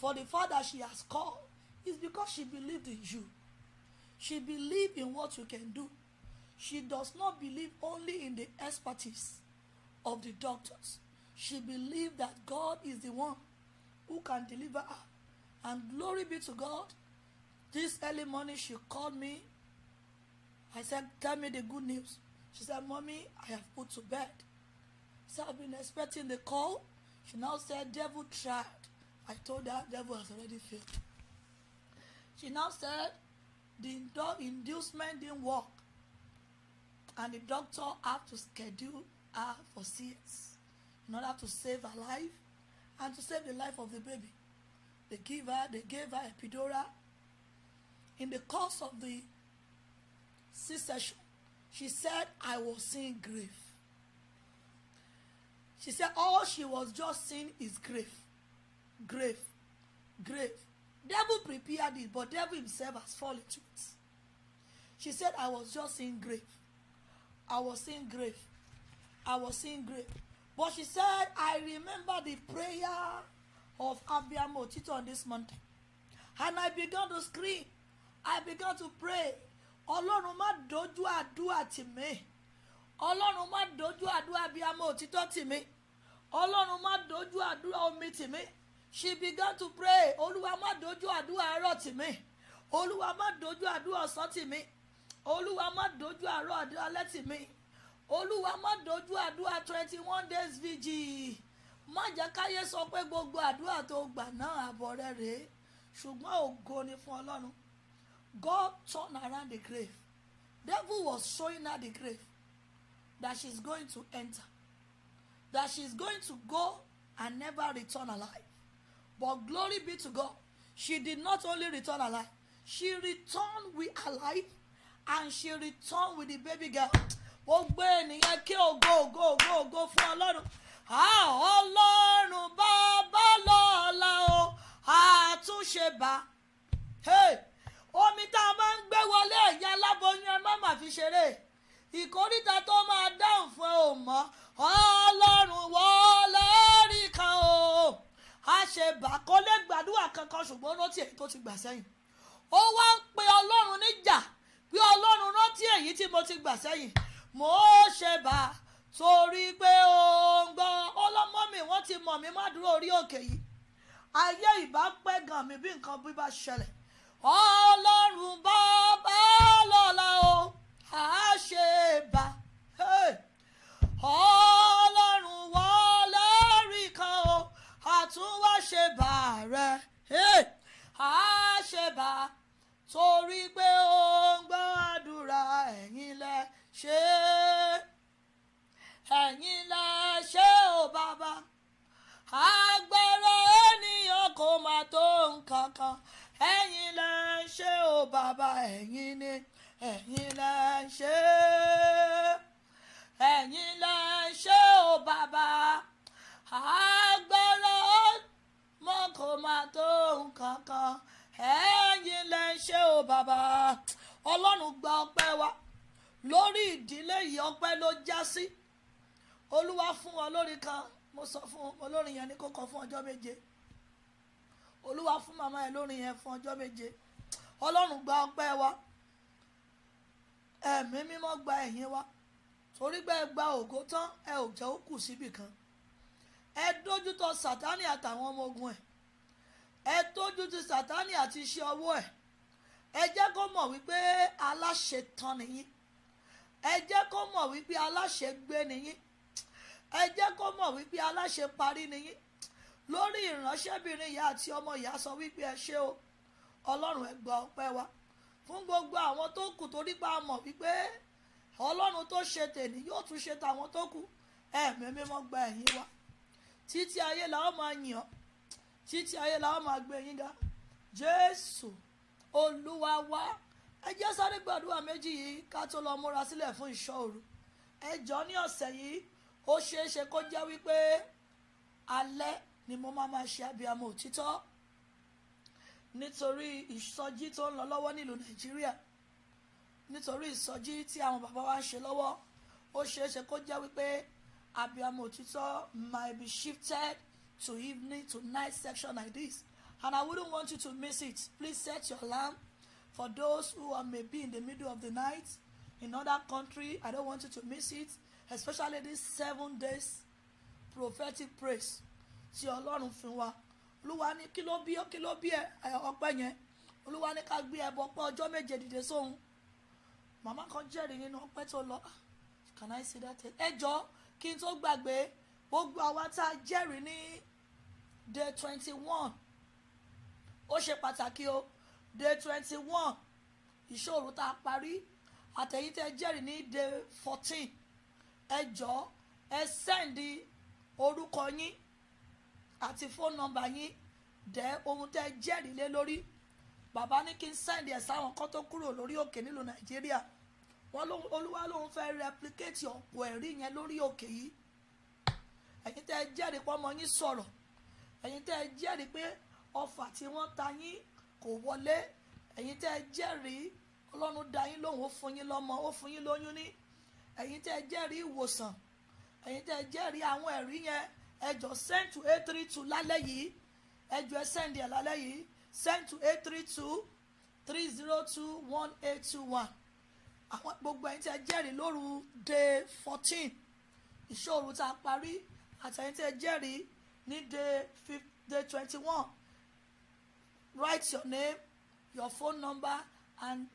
for the father, she has called is because she believed in you. She believed in what you can do. She does not believe only in the expertise of the doctors. She believed that God is the one who can deliver her. And glory be to God. This early morning she called me. I said, Tell me the good news. She said, Mommy, I have put to bed. So I've been expecting the call. She now said, Devil tried I told her devil has already failed. She now said the inducement didn't work and the doctor had to schedule her for CS in order to save her life and to save the life of the baby. They give her, they gave her epidural. In the course of the C-section, she said, I was seeing grief. She said all she was just seeing is grief grave grave devil prepared it but devil himself has fallen to it she said i was just in grave i was in grave i was in grave but she said i remember the prayer of abiam Tito on this mountain and i began to scream i began to pray ọlọ́run má dojú àdúrà tì mí ọlọ́run má dojú àdúrà abiam otito tì mí ọlọ́run má dojú àdúrà omi tì mí she began to pray olúwa má dojú àdúrà àárọ̀ tì mí olúwa má dojú àdúrà ọ̀sán tì mí olúwa má dojú àárọ̀ àdúrà alẹ́ tì mí olúwa má dojú àdúrà twenty one days vigil má jẹ́ káyé sọ pé gbogbo àdúrà tó gbà náà àbọ̀ rẹ̀ rèé ṣùgbọ́n ògo ni fún ọlọ́run God turned around the grave devil was showing her the grave that she is going to enter that she is going to go and never return alive But glory be to God, she did not only return alive, she returned with her life and she returned with the baby girl. ó gbé ènìyàn kí ògo ògo ògo ògo fún ọlọ́run a ọlọ́run bàbá lọ́la o àtúnṣe bá omi tá a máa ń gbé wọlé ẹ̀yà aláboyún ẹ má má fi ṣeré ìkórìtà tó máa dáhùn fún ẹ ò mọ́ ọlọ́run wọlé a ṣe bà kó lè gbàdúrà kankan ṣùgbọ́n rántí èyí tó ti gbà sẹ́yìn ó wá ń pe ọlọ́run níjà pé ọlọ́run rántí èyí tí mo ti gbà sẹ́yìn mo ṣe bà torí pé ó ń gbọ́ ọlọ́mọ mi wọ́n ti mọ̀ mí má dúró orí òkè yìí ayé ìbá pẹ́ gan mi bí nǹkan bí bá ṣẹlẹ̀ ọlọ́run bá lọ́la o àá ṣe bà ọlọ́run. àṣebà rẹ̀ àṣebà torí pé ó ń gbọ́ àdúrà ẹ̀yin lẹ ṣe ẹ̀yin lẹ ṣe ò bàbá agbára ènìyàn kò má tó nǹkan kan ẹ̀yin lẹ ṣe ò bàbá ẹ̀yin ni ẹ̀yin lẹ ṣe ẹ̀yin lẹ ṣe ò bàbá agbára kò máa tó nǹkan kan ẹ̀yin lẹ ṣe o bàbá ọlọ́run gba ọpẹ́ wa lórí ìdílé yìí ọpẹ́ ló já sí olúwa fún olórin kan mo sọ fún olórin yẹn ní kó kọ fún ọjọ́ méje olúwa fún màmá ẹ̀ lórin yẹn fún ọjọ́ méje ọlọ́run gba ọpẹ́ wa ẹ̀mí mímọ́ gba ẹ̀yìn wa torí pé ẹ gba ògo tán ẹ ò jẹ́ ó kù síbì kan ẹ dójútọ sátánì àtàwọn ọmọ ogun ẹ̀ ẹ tójú ti sátánì àti iṣẹ́ ọwọ́ ẹ̀ ẹ jẹ́ kó mọ̀ wípé aláṣẹ tán nìyí ẹ jẹ́ kó mọ̀ wípé aláṣẹ gbé nìyí ẹ jẹ́ kó mọ̀ wípé aláṣẹ parí nìyí lórí ìránṣẹ́bìnrin ìyá àti ọmọ ìyá sọ wípé ẹ ṣé o ọlọ́run ẹ gba ọpẹ́ wa fún gbogbo àwọn tó kù torí pa mọ̀ wípé ọlọ́run tó ṣe tèmi yóò tún ṣe tàwọn tó kù ẹ̀mí mímọ́ gba ẹ̀yìn wa títí ayé la máa yìn ọ́ títí ayé làwọn máa gbé yín ga jésù olúwa wa ẹ jẹ́ sáré gbàdúrà méjì yìí ká tó lọ múra sílẹ̀ fún ìṣọ́ òru ẹ jọ̀ọ́ ní ọ̀sẹ̀ yìí ó ṣeé ṣe kó jẹ́ wípé alẹ́ ni mo máa máa ṣe abiyamọ òtítọ́ nítorí ìsọjí tó ń lọ lọ́wọ́ nílùú nàìjíríà nítorí ìsọjí tí àwọn bàbá wa ń ṣe lọ́wọ́ ó ṣeé ṣe kó jẹ́ wípé abiyamọ òtítọ́ might be shifted to evening to night section like this and i wouldn't want you to miss it please set your alarm for those who are maybe in the middle of the night in other country i don't want you to miss it especially this seven days prophetic praise Ti ọlọ́run fi wá olúwa ní kí ló bí kí ló bí ẹ ọpẹ́ yẹn olúwa ní ká gbé ẹbọ pé ọjọ́ méje dìde sóhun màmá kan jẹ́rìí nínú ọpẹ́ tó lọ can i see that ẹ jọ kí n tó gbàgbé gbogbo àwa tá a jẹ́rìí ní day twenty one ó ṣe pàtàkì o day twenty one ìṣòro tá a parí àtẹ̀yìn tẹ́ jẹ́rìí ní day fourteen ẹ jọ̀ọ́ ẹ sẹ́ǹdì orúkọ yín àti fóònù nọ́mbà yín dẹ́ ohun tẹ́ jẹ́rìí lé lórí bàbá ní kí n sẹ́ǹdì ẹ̀ sáwọn kan tó kúrò lórí òkè nílùú nàìjíríà wọ́n ló olúwa lòun fẹ́ replicate ọ̀pọ̀ ẹ̀rí yẹn lórí òkè yìí ẹ̀yin tẹ́ jẹ́rìí pọ́nmọ́ yín sọ̀rọ̀ ẹ̀yin tẹ́ ẹ jẹ́rìí pé ọfà tí wọ́n ta yín kò wọlé ẹ̀yin tẹ́ ẹ jẹ́rìí ọlọ́run dá yín lóhùn ó fún yín lọ́mọ ó fún yín lóyún ní ẹ̀yin tẹ́ ẹ jẹ́rìí ìwòsàn ẹ̀yin tẹ́ ẹ jẹ́rìí àwọn ẹ̀rí yẹn ẹjọ́ send to eight three two lálẹ́ yìí ẹjọ́ ẹ send ẹ̀ lálẹ́ yìí send to eight three two three zero two one eight two one àwọn gbogbo ẹ̀yin tẹ́ ẹ jẹ́rìí lóru day fourteen ìṣòro tá a parí àtẹ̀yin tẹ́ ẹ jẹ́rìí ní day fifth day twenty-one write your name your phone number and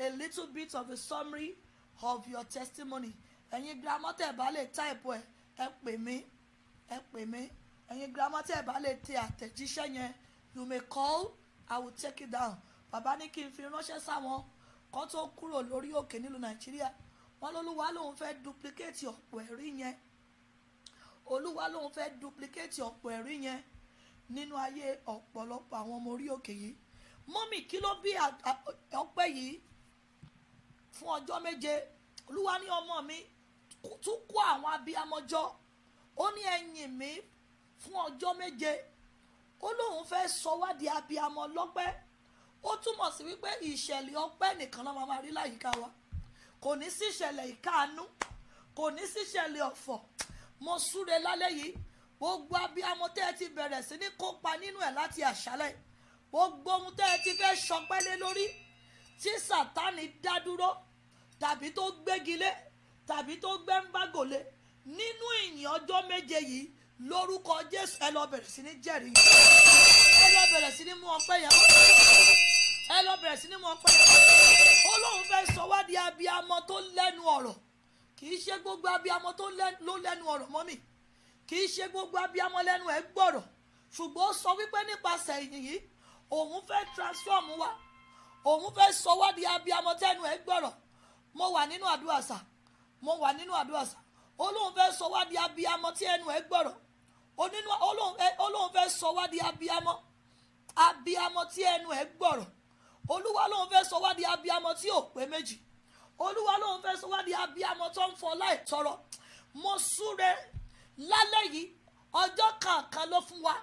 a little bit of a summary of your testimony ẹ̀yin gírámọ́ tẹ̀ bá lè táìpù ẹ̀ ẹ pè mí ẹ pè mí ẹ̀yin gírámọ́ tẹ̀ bá lè tẹ àtẹ̀jíṣẹ́ yẹn you may call i will take it down bàbá ní kí n fi ránṣẹ́ sáwọn kan tó kúrò lórí òkè nílùú nàìjíríà wọn lólúwa lòun fẹ́ duplicate ọ̀pọ̀ ẹ̀rí yẹn olúwa lòun fẹ́ duplicate ọ̀pọ̀ ẹ̀rí yẹn nínú ayé ọ̀pọ̀lọpọ̀ àwọn ọmọ orí òkè yìí mọ́mì kí ló bí ọpẹ́ yìí fún ọjọ́ méje olúwa ní ọmọ mi tún kó àwọn abiyamọjọ́ ó ní ẹ̀yìn mi fún ọjọ́ méje ó lóun fẹ́ sọ wá di abiyamọ lọ́pẹ́ ó túmọ̀ sí wípé ìṣẹ̀lẹ̀ ọpẹ́ nìkan ló máa rí láyìíká wa kò ní sí ìṣẹ̀lẹ̀ ìkáàánú kò ní sí ìṣẹ̀lẹ̀ ọ̀fọ̀ mo súre lálẹ́ yìí gbogbo abiyamọ tẹ́ ẹ ti bẹ̀rẹ̀ sí ní kópa nínú ẹ̀ láti àṣálẹ̀ gbogbo ohun tẹ́ ẹ ti fẹ́ ṣọpẹ́ lé lórí tí sàtánì dá dúró tàbí tó gbégi lé tàbí tó gbẹ́ńbágò lé nínú ìyìn ọjọ́ méje yìí lórúkọ jésù ẹ lọ bẹ̀rẹ̀ sí ní jẹ́rìí ẹ lọ bẹ̀rẹ̀ sí ní mú ọpẹ́ yẹn ẹ lọ bẹ̀rẹ̀ sí ní mú ọpẹ́ yẹn ó fẹ́ sọ wá di abiyamọ tó lẹ́nu ọ̀rọ̀ kì í ṣe gbogbo abiyamọ tó ló lẹ́nu ọ̀rọ̀ mọ́ mi kì í ṣe gbogbo abiyamọ lẹ́nu ẹ̀ gbọ́rọ̀ ṣùgbọ́n ó sọ wípé nípasẹ̀ ìyìn yìí òun fẹ́ transform wa òun fẹ́ sọ wá di abiyamọ tẹ́nu ẹ̀ gbọ́rọ̀ mo wà nínú àdúrà mo wà nínú àdúrà sà olóhùn fẹ́ sọ wá di abiyamọ tí ẹnu ẹ̀ gbọ́rọ̀ onínú olóhùn fẹ́ sọ wá di abiyamọ abiyamọ tí ẹnu ẹ̀ gbọ́rọ̀ olúwa lóhùn fẹ́ sọ wá di abiyamọ tí ò pé méjì olúwa lóun fẹ́ sọ wá di abiyamọ tó ń fọlá ìtọrọ mo súre lálẹ́ yìí ọjọ́ kankan ló fún wa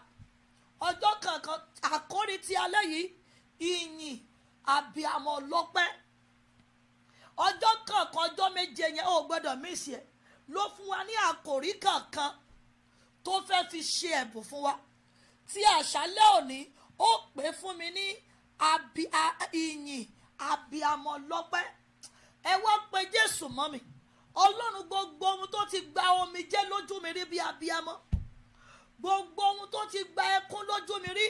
ọjọ́ kankan àkórí ti alẹ́ yìí ìyìn abiyamọ lọ́pẹ́ ọjọ́ kankan ọjọ́ méje yẹn ò gbọ́dọ̀ mísì ẹ̀ ló fún wa ní àkórí kankan tó fẹ́ fi ṣe ẹ̀bùn fún wa tí àṣálẹ́ òní ó pè fún mi ní ìyìn abiyamọ lọ́pẹ́ ẹ wá pe jésù mọ́ mi ọlọ́run gbogbo ohun tó ti gba omi jẹ́ lójú mi rí bí abiyamọ gbogbo ohun tó ti gba ẹkún lójú mi rí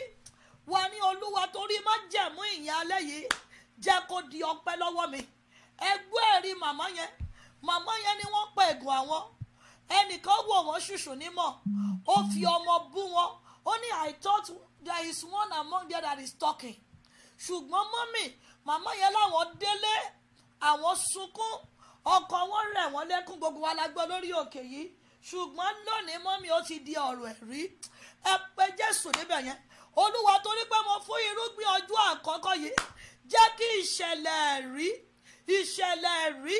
wà ní olúwa torí má jẹ̀mú ìyẹn alẹ́ yìí jẹ́ kó di ọpẹ́ lọ́wọ́ mi ẹgbẹ́ ẹ̀rí màmá yẹn màmá yẹn ni wọ́n pa ẹ̀gùn àwọn ẹnìkan wò wọ́n ṣùṣù nímọ̀ ó fi ọmọ bú wọn ó ní i thought there is one among them that is talking ṣùgbọ́n mọ́mì màmá yẹn láwọn délé àwọn sunkún ọkàn wọn rẹ̀ wọ́n lẹ́kún gbogbo wa la gbọ́ lórí òkè yìí ṣùgbọ́n lónìí mọ́mí ó ti di ọ̀rọ̀ ẹ̀rí ẹ pé jésù níbẹ̀ yẹn olúwa torí pé mo fún irúgbìn ọjọ́ àkọ́kọ́ yìí jẹ́ kí ìṣẹ̀lẹ̀ ẹ̀rí ìṣẹ̀lẹ̀ ẹ̀rí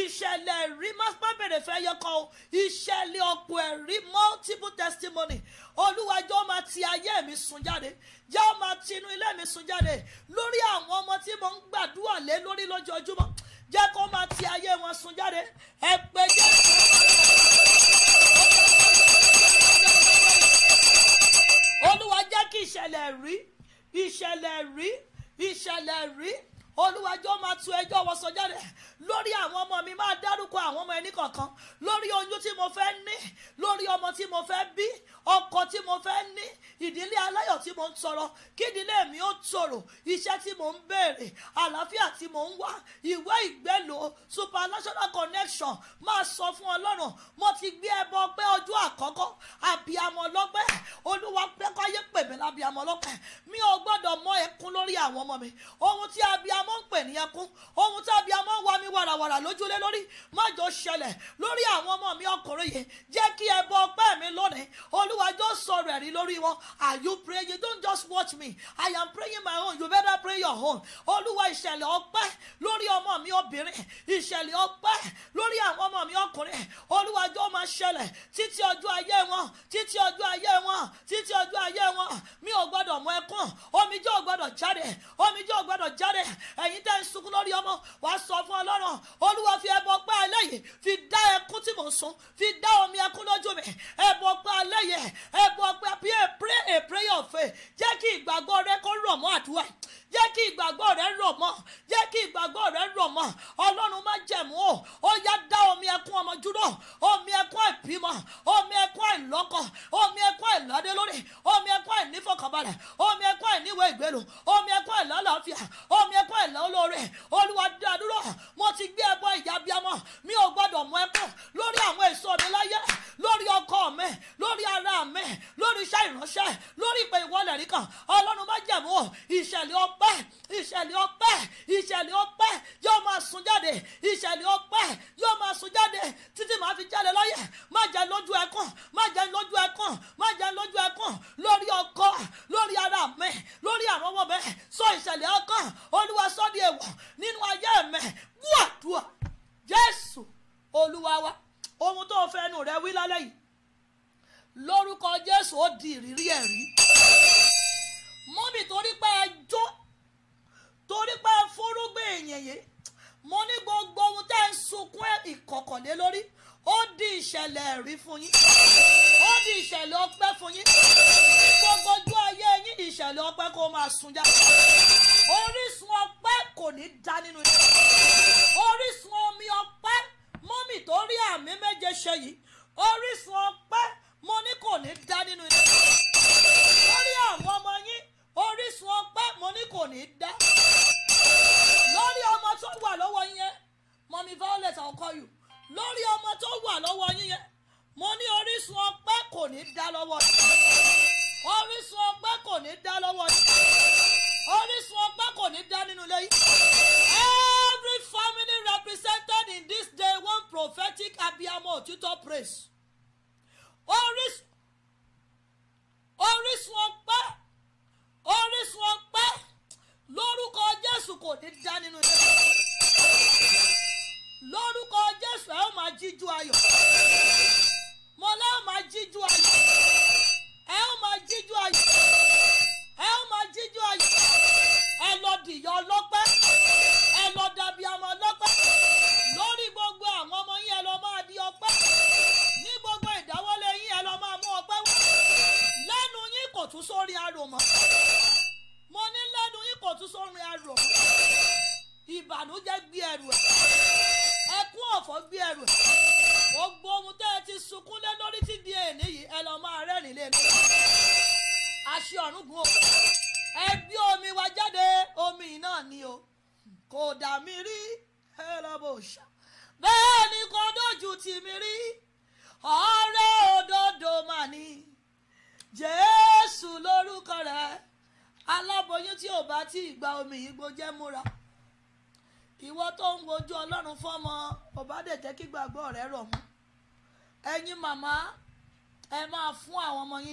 ìṣẹ̀lẹ̀ ẹ̀rí má bèrè fẹ́ yọkọ o ìṣẹ̀lẹ̀ ọ̀pọ̀ ẹ̀rí multiple testimony olúwàjọ́ máa ti ayé mi sùn jáde jẹ́ ó máa ti inú ilé mi sùn jáde lórí àwọn ọmọ tí mo ń gbàdúrà lé lórí lójoojúmọ́ jẹ́ kó máa ti ayé wọn sùn jáde ẹ pé jẹ́ olúwa jẹ́ kí ìṣẹ̀lẹ̀ rí ìṣẹ̀lẹ̀ rí ìṣẹ̀lẹ̀ rí olúwàjọ́ máa tu ẹjọ́ wọn sọ jáde lórí àwọn ọmọ mi máa dárúkọ àwọn ọmọ ẹni kọ̀ọ̀kan lórí oyún tí mo fẹ́ ní lórí ọmọ tí mo fẹ́ bí ọkọ tí mo fẹ́ ní ìdílé aláyọ̀ tí mo ń tọrọ kí mi ó tòrò iṣẹ́ tí mo ń béèrè àlàáfíà tí mo ń wá ìwé ìgbélò supernational connection máa sọ fún ọlọ́run mo ti gbé ẹbọ pé ọjọ́ àkọ́kọ́ àbíamọ ọlọ́pẹ́ olúwa pẹ́kọ́ yé pèmí lábíamọ ọlọ́pẹ́ mi ò gbọ́dọ̀ mọ ẹkún lórí àwọn ọmọ mi ohun tí àbíamọ abiyamọ ń pè ní ẹkún ohun tí abiyamọ ń wá mi wàràwàrà lójúlé lórí má jọ lórí àwọn ọmọ mi ọkùnrin yìí jẹ́ kí ẹbọ ọpẹ́ mi lónìí olúwa jọ sọ̀rọ̀ lórí wọn are you praying you don't just watch me I am praying my own you better pray your own olúwa ìṣẹ̀lẹ̀ ọpẹ́ lórí ọmọ mi obìnrin ìṣẹ̀lẹ̀ ọpẹ́ lórí àwọn ọmọ mi ọkùnrin olúwa jọ máa títí ọjọ́ ayé wọn títí ọjọ́ ayé wọn títí ọjọ́ ayé wọn mi ò gbọ́dọ̀ mọ ẹkún omijé ò jáde omijé ò jáde ẹ̀yin tẹ́ ń sunkún lórí ọmọ wàá sọ fún ọlọ́run olúwa fi ẹbọ pẹ́ eléyìí fi dá ẹkún tí mò ń sun fi dá omi ẹkún lójú mi ẹbọ pẹ́ eléyìí ẹbọ pẹ́ bí a pray a prayer of faith jẹ́ kí ìgbàgbọ́ rẹ kó rọ̀ mọ́ àdúrà jẹ́ kí ìgbàgbọ́ rẹ rọ̀ mọ́ jẹ́ kí ìgbàgbọ́ rẹ rọ̀ mọ́ ọlọ́run má jẹ̀mú o ó yá dá omi ẹkún ọmọ dúró omi ẹkún ìbímọ omi ẹkún ìlọ́kọ omi ẹkún ìlọ́dẹ lórí omi ẹkún ìnífọkànbalẹ̀ omi ẹkún ìníwèé ìgbélu omi ẹkún ìlọ́láfíà omi ẹkún ìlọ́lóore olúwa dá dúró mo ti gbé ẹbọ ìyá bíamọ mi ò gbọdọ̀ mọ ẹkún lórí àwọn èso mi láyé lórí ọkọ mi lórí ara mi lórí iṣẹ́ ìránṣẹ́ lórí ìpè ìwọlẹ̀ nìkan ọlọ́run má jẹ̀mú o ìṣẹ̀lẹ̀ ọpẹ́ ìṣẹ̀lẹ̀ ọpẹ́ ìṣẹ̀lẹ̀ ọpẹ́ yóò máa sun jáde ìṣẹ̀lẹ̀ ọpẹ́ yóò máa sun jáde títí màá fi jáde láyé má jẹ́ lójú ẹkùn má jẹ́ lójú ẹkùn má jẹ́ lójú ẹkùn lórí ọkọ lórí ara mi lórí àwọn ọmọ mi sọ ìṣẹ̀lẹ̀ ọkàn olúwa sọ di èèwọ̀ nínú ayé mi gbọ́dọ̀ jésù olúwa wa ohun tó fẹ́ nu rẹ wí lálẹ́ yìí lórúkọ jésù ó di ìrírí ẹ̀rí mọ́mì torí pé ẹjọ́ torí pé fúrúgbìn èèyàn yìí mo ní gbogbo ohun tẹ́ ń sunkún ìkọ̀kọ̀lé lórí ó di ìṣẹ̀lẹ̀ ẹ̀rí fún yín ó di ìṣẹ̀lẹ̀ ọpẹ́ fún yín gbogbo ojú ayé yín ìṣẹ̀lẹ̀ ọpẹ́ kó máa sun jáde orísun ọpẹ́ kò ní dá nínú yín orísun omi ọpẹ́ mọ́mì tó rí àmì méje ṣe yìí orísun ọpẹ́ mo ní kò ní dá nínú yín lórí àwọn ọmọ yín orísun ọpẹ́ mo ní kò ní í dá lórí ọmọ tó wà lọ́wọ́ yẹn mọ̀mí violet i'll call you lórí ọmọ tó wà lọ́wọ́ yín yẹn mo ní orísun ọpẹ́ kò ní í dá lọ́wọ́ yín orísun ọpẹ́ kò ní í dá lọ́wọ́.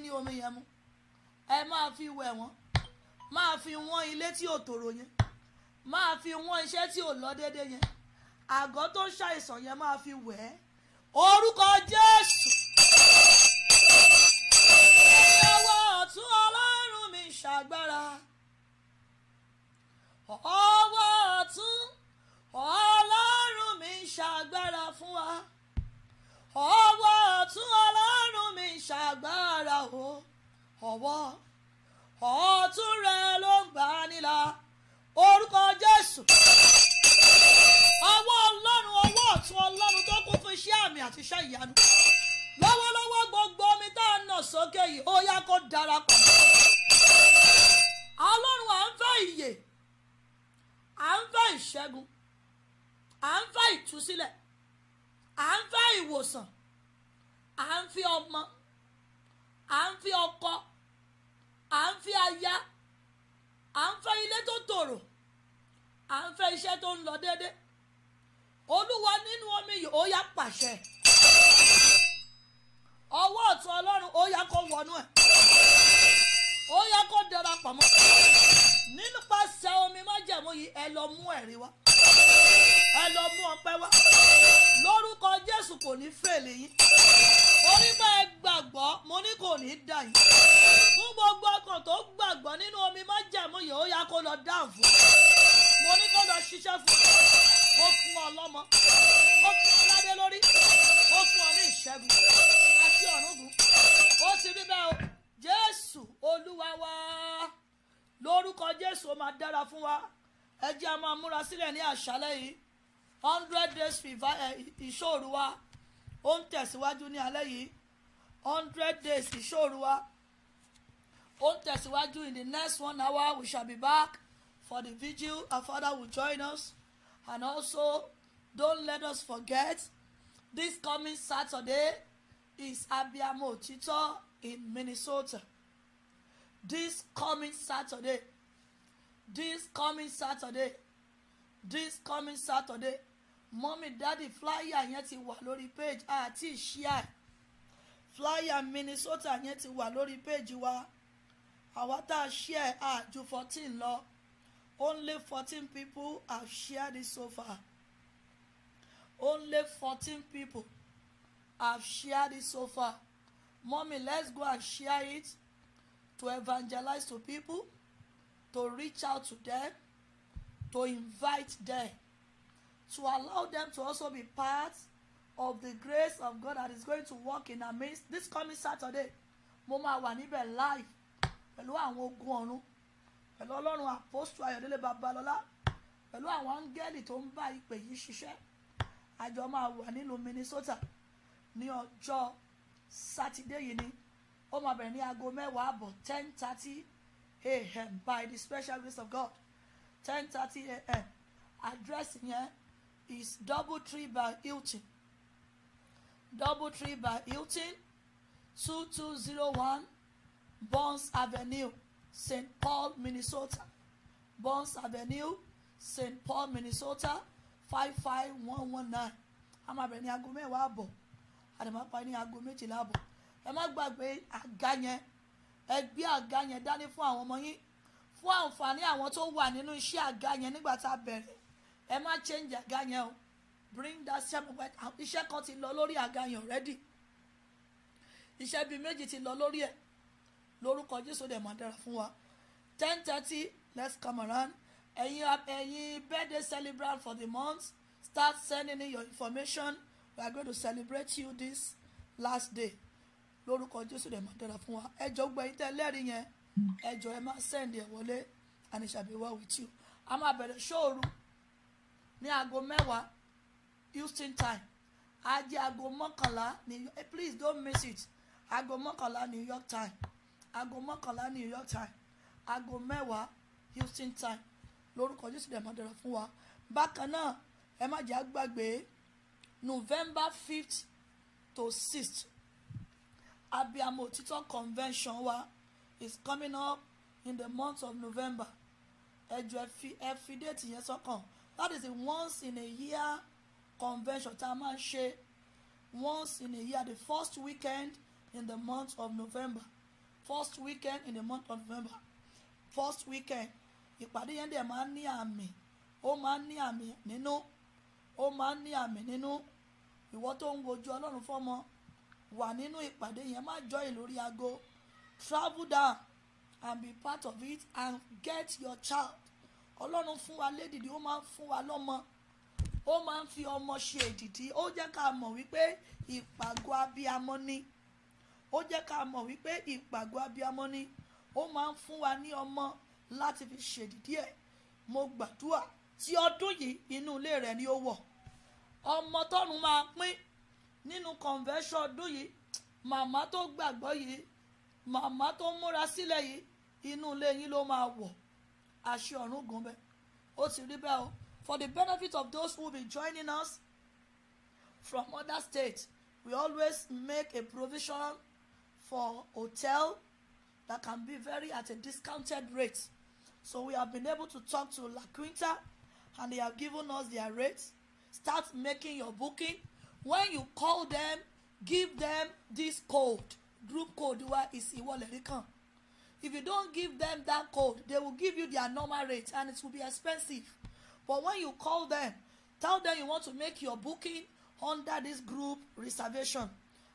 yín ní omi yẹn mu ẹ máa fi wẹ̀ wọ́n máa fi wọ́n ilé tí ò tòrò yẹn máa fi wọ́n iṣẹ́ tí ò lọ déédéé yẹn àgọ́ tó ń ṣàìsàn yẹn máa fi wẹ̀ ẹ́ orúkọ Jésù. ọwọ́ ọ̀tún Ọlọ́run mi ṣàgbára ọwọ́ ọ̀tún Ọlọ́run mi ṣàgbára fún wa ọwọ́ ọ̀tún ọlọ́run mi ṣàgbára o ọwọ́ ọ̀tún rẹ ló ń gbà nílà orúkọ jésù ọwọ́ ọlọ́run ọwọ́ ọ̀tún ọlọ́run tó kún fún iṣẹ́ àmì àti iṣẹ́ ìyanu lọ́wọ́lọ́wọ́ gbogbo omi tá a nà sókè yìí ó yá kó darapọ̀ ọlọ́run à ń fẹ́ ìyè à ń fẹ́ ìṣẹ́gun à ń fẹ́ ìtúsílẹ̀ à ń fẹ́ ìwòsàn à ń fi ọmọ à ń fi ọkọ à ń fi aya à ń fẹ́ ilé tó tòrò à ń fẹ́ iṣẹ́ tó ń lọ déédéé olúwa nínú omi yìí ó yá pàṣẹ ọwọ́ ọ̀tún ọlọ́run ó yá kó wọnú ẹ̀ ó yá kó mọ́. nípasẹ̀ omi májẹ̀mú yìí ẹ lọ mú ẹ̀rí wá ẹ lọ mú ọpẹ́ wá lórúkọ jésù kò ní fèlè yín orí bá ẹ gbàgbọ́ mo ní kò ní dà yín fún gbogbo ọkàn tó gbàgbọ́ nínú omi májẹ̀mú yìí ó yá kó lọ dáhùn fún mo ní kó lọ ṣiṣẹ́ fún ó fún ọ lọ́mọ ó fún ọ ládé lórí ó fún ọ ní ìṣẹ́gun àti ọ̀rùngún ó ti rí bẹ́ẹ̀ o jésù olúwa wá lórúkọ jésù ó máa dára fún wa ẹ jẹ́ a máa múra sílẹ̀ ní àṣálẹ́ yìí hundred days eh, ìṣòro wa ó ń tẹ̀síwájú ní alẹ́ yìí hundred days ìṣòro wa ó ń tẹ̀síwájú in the next one hour we shall be back for the vigil our father will join us and also don't let us forget this coming saturday is abiamo otito in minnesota this coming saturday this coming saturday this coming saturday mommy, daddy, flyer yẹn ti wà lórí page àti share flyer minnesota yẹn ti wà lórí page wa àwa tá a share àjù fourteen lọ only fourteen people have shared it so far only fourteen people have shared it so far Mommy, let's go and share it to evangelize to people, to reach out to them, to invite them, to allow them to also be part of the grace of God that is going to work in our midst this coming Saturday. Mo máa wà níbẹ̀ live pẹ̀lú àwọn ogun ọ̀run pẹ̀lú ọlọ́run àpọ́sù Ayọ̀délé Babalọ́lá pẹ̀lú àwọn áńgẹ́lì tó ń bá ìpè yìí ṣiṣẹ́ àjọ máa wà nílùú Minnesota ní ọjọ́ Saturday yìí ni ó máa bẹ̀rẹ̀ ní aago mẹ́wàá àbọ̀ ten thirty a.m. by the special grace of God ten thirty a.m. address yẹn is double Doubletree by Hilton Doubletree by Hilton two two zero one Bonds Avenue St Paul Minnesota Bonds Avenue St Paul Minnesota five five one one nine a máa bẹ̀rẹ̀ ní aago mẹ́wàá àbọ̀ àdàmọ́ pa ní aago méjìlá àbọ̀ ẹ má gbàgbé àga yẹn ẹ gbé àga yẹn dání fún àwọn ọmọ yín fún àǹfààní àwọn tó wà nínú iṣẹ́ àga yẹn nígbà tá a bẹ̀rẹ̀ ẹ má change àga yẹn o bring that seven point iṣẹ́ kan ti lọ lórí àga yẹn already iṣẹ́ bíi méjì ti lọ lórí ẹ̀ lórúkọ Jésù dẹ̀ máa dára fún wa ten thirty let's come around ẹ̀yin ẹ̀yin birthday celebrant for the month start sending in your information we are going to celebrate you this last day lórúkọ jésù rẹ̀ máa dára fún wa ẹjọ́ gbẹ̀yìn tẹ́ lẹ́rìí yẹn ẹjọ́ ẹ máa send ẹ̀ wọlé and it shall be well with you a máa bẹ̀rẹ̀ ṣóòru ní aago mẹ́wàá Houston time ajé aago mọ́kànlá New York eh, please don't miss it aago mọ́kànlá New York time aago mọ́kànlá New York time aago mẹ́wàá Houston time lórúkọ jésù rẹ̀ máa dára fún wa bákan náà ẹ má jẹ́ àgbàgbé November fifth to sixth abiamo òtítọ́ convention wa is coming up in the month of november ẹjọ ẹ date déètì yẹn sọ́kàn that is a once in a year convention tá a ṣe once in a year the first weekend in the month of november first weekend in the month of november first weekend ìpàdé yẹn dẹ̀ máa ń ní àmì ó máa ń ní àmì nínú ó máa ń ní àmì nínú ìwọ tó ń wojú ọlọ́run fọ́mọ wà nínú ìpàdé yẹn má join lórí aago travel down and be part of it and get your child ọlọ́run fún wa lédìdí ó máa ń fún wa lọ́mọ ó máa ń fi ọmọ ṣe èdìdí ó jẹ́ ká mọ̀ wípé ìpàgọ́ abiyamọ ni ó jẹ́ ká mọ̀ wípé ìpàgọ́ abiyamọ ni ó máa ń fún wa ní ọmọ láti fi ṣèdìdí ẹ̀ mo gbàdúrà tí ọdún yìí inú ilé rẹ̀ ni ó wọ̀ ọmọ tọ́run máa pín nínú convention ọdún yìí màmá tó gbàgbọ́ yìí màmá tó múra sílẹ̀ yìí inú ilé yín ló máa wọ̀ àṣẹ ọ̀run gùn bẹ́ẹ̀ ó ti rí bẹ́ẹ̀ o for the benefit of those who be joining us from other states we always make a provision for hotel that can be very at a discounted rate so we have been able to talk to La Quinta and they have given us their rates start making your booking when you call them give them this code group code wa is ìwọlẹ̀rí kan if you don't give them that code they will give you their normal rate and it will be expensive but when you call them tell them you want to make your booking under this group reservation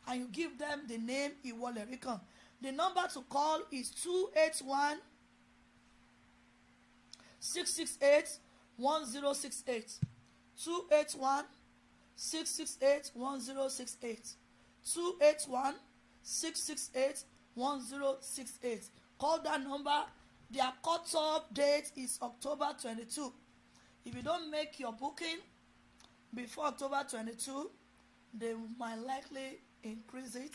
and you give them the name ìwọlẹ̀rí kan the number to call is two eight one six six eight one zero six eight two eight one six six eight one zero six eight two eight one six six eight one zero six eight call that number their cut-off date is october twenty-two if you don't make your booking before october twenty-two they might likely increase it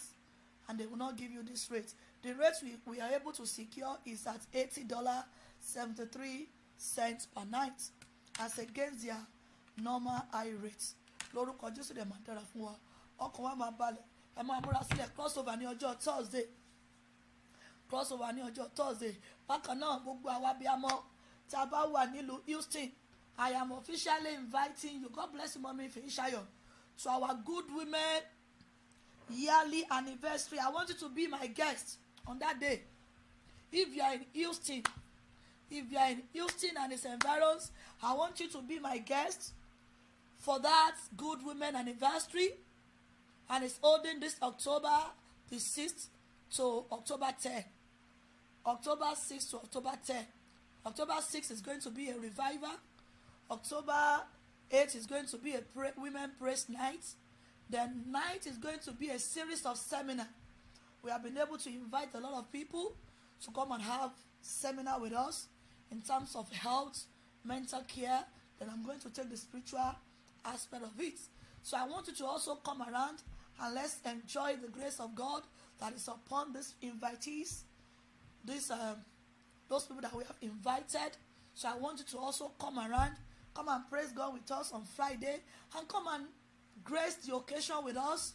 and they will not give you this rate the rate we, we are able to secure is at eighty dollar seventy-three cents per night as against their normal high rate lórúkọ jésù rẹ̀ máa dára fún wa ọkàn wa máa balẹ̀ ẹ máa múra sílẹ̀ crossover ní ọjọ́ thursday crossover ní ọjọ́ thursday bákan náà gbogbo àwa bí a mọ tí a bá wà nílùú houston i am officially inviting you god bless you mummy Finshayo to our good women yearly anniversary i want you to be my guest on that day if you are in houston if you are in houston and its environs i want you to be my guest for that Good Women Anniversary, and it's holding this October the 6th to October 10. October 6th to October 10. October 6th is going to be a revival. October 8th is going to be a pray, women praise night. The night is going to be a series of seminar. We have been able to invite a lot of people to come and have seminar with us in terms of health, mental care. Then I'm going to take the spiritual aspect of it. So I want you to also come around and let's enjoy the grace of God that is upon these invitees, these um, those people that we have invited. So I want you to also come around, come and praise God with us on Friday, and come and grace the occasion with us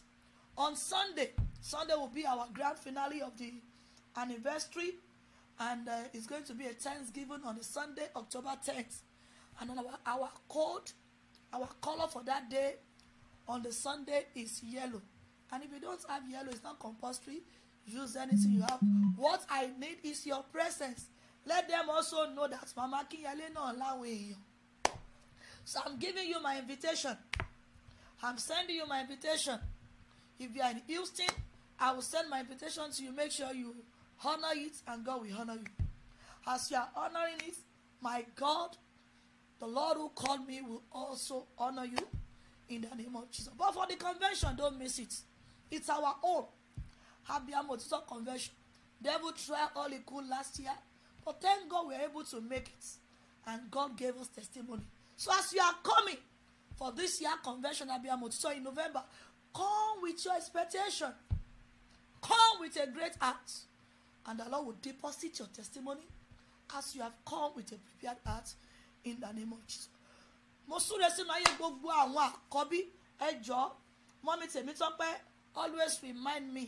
on Sunday. Sunday will be our grand finale of the anniversary, and uh, it's going to be a Thanksgiving on the Sunday, October 10th. And on our, our code Our color for that day on the Sunday is yellow. And if you don't have yellow, it's not compulsory. Use anything you have. What I need is your presence. Let them also know that Mama Kinyale no allow you. So I'm giving you my invitation. I'm sending you my invitation. If you are in Houston, I will send my invitation to you. Make sure you honor it, and God will honor you. As you are honoring it, my God The Lord who called me will also honor you in the name of Jesus. But for the convention, don't miss it. It's our own. Abiyamo Tito convention. Devil tried all he could last year, but thank God we were able to make it. And God gave us testimony. So as you are coming for this year convention Abiyamo Tito in November, come with your expectation. Come with a great heart. And the Lord will deposit your testimony as you have come with a prepared heart in the name of Jesus mo súre sínú ayé gbogbo àwọn àkọ́bí ẹ jọ̀ọ́ mọ́mí tèmi tọ́pẹ́ always remind me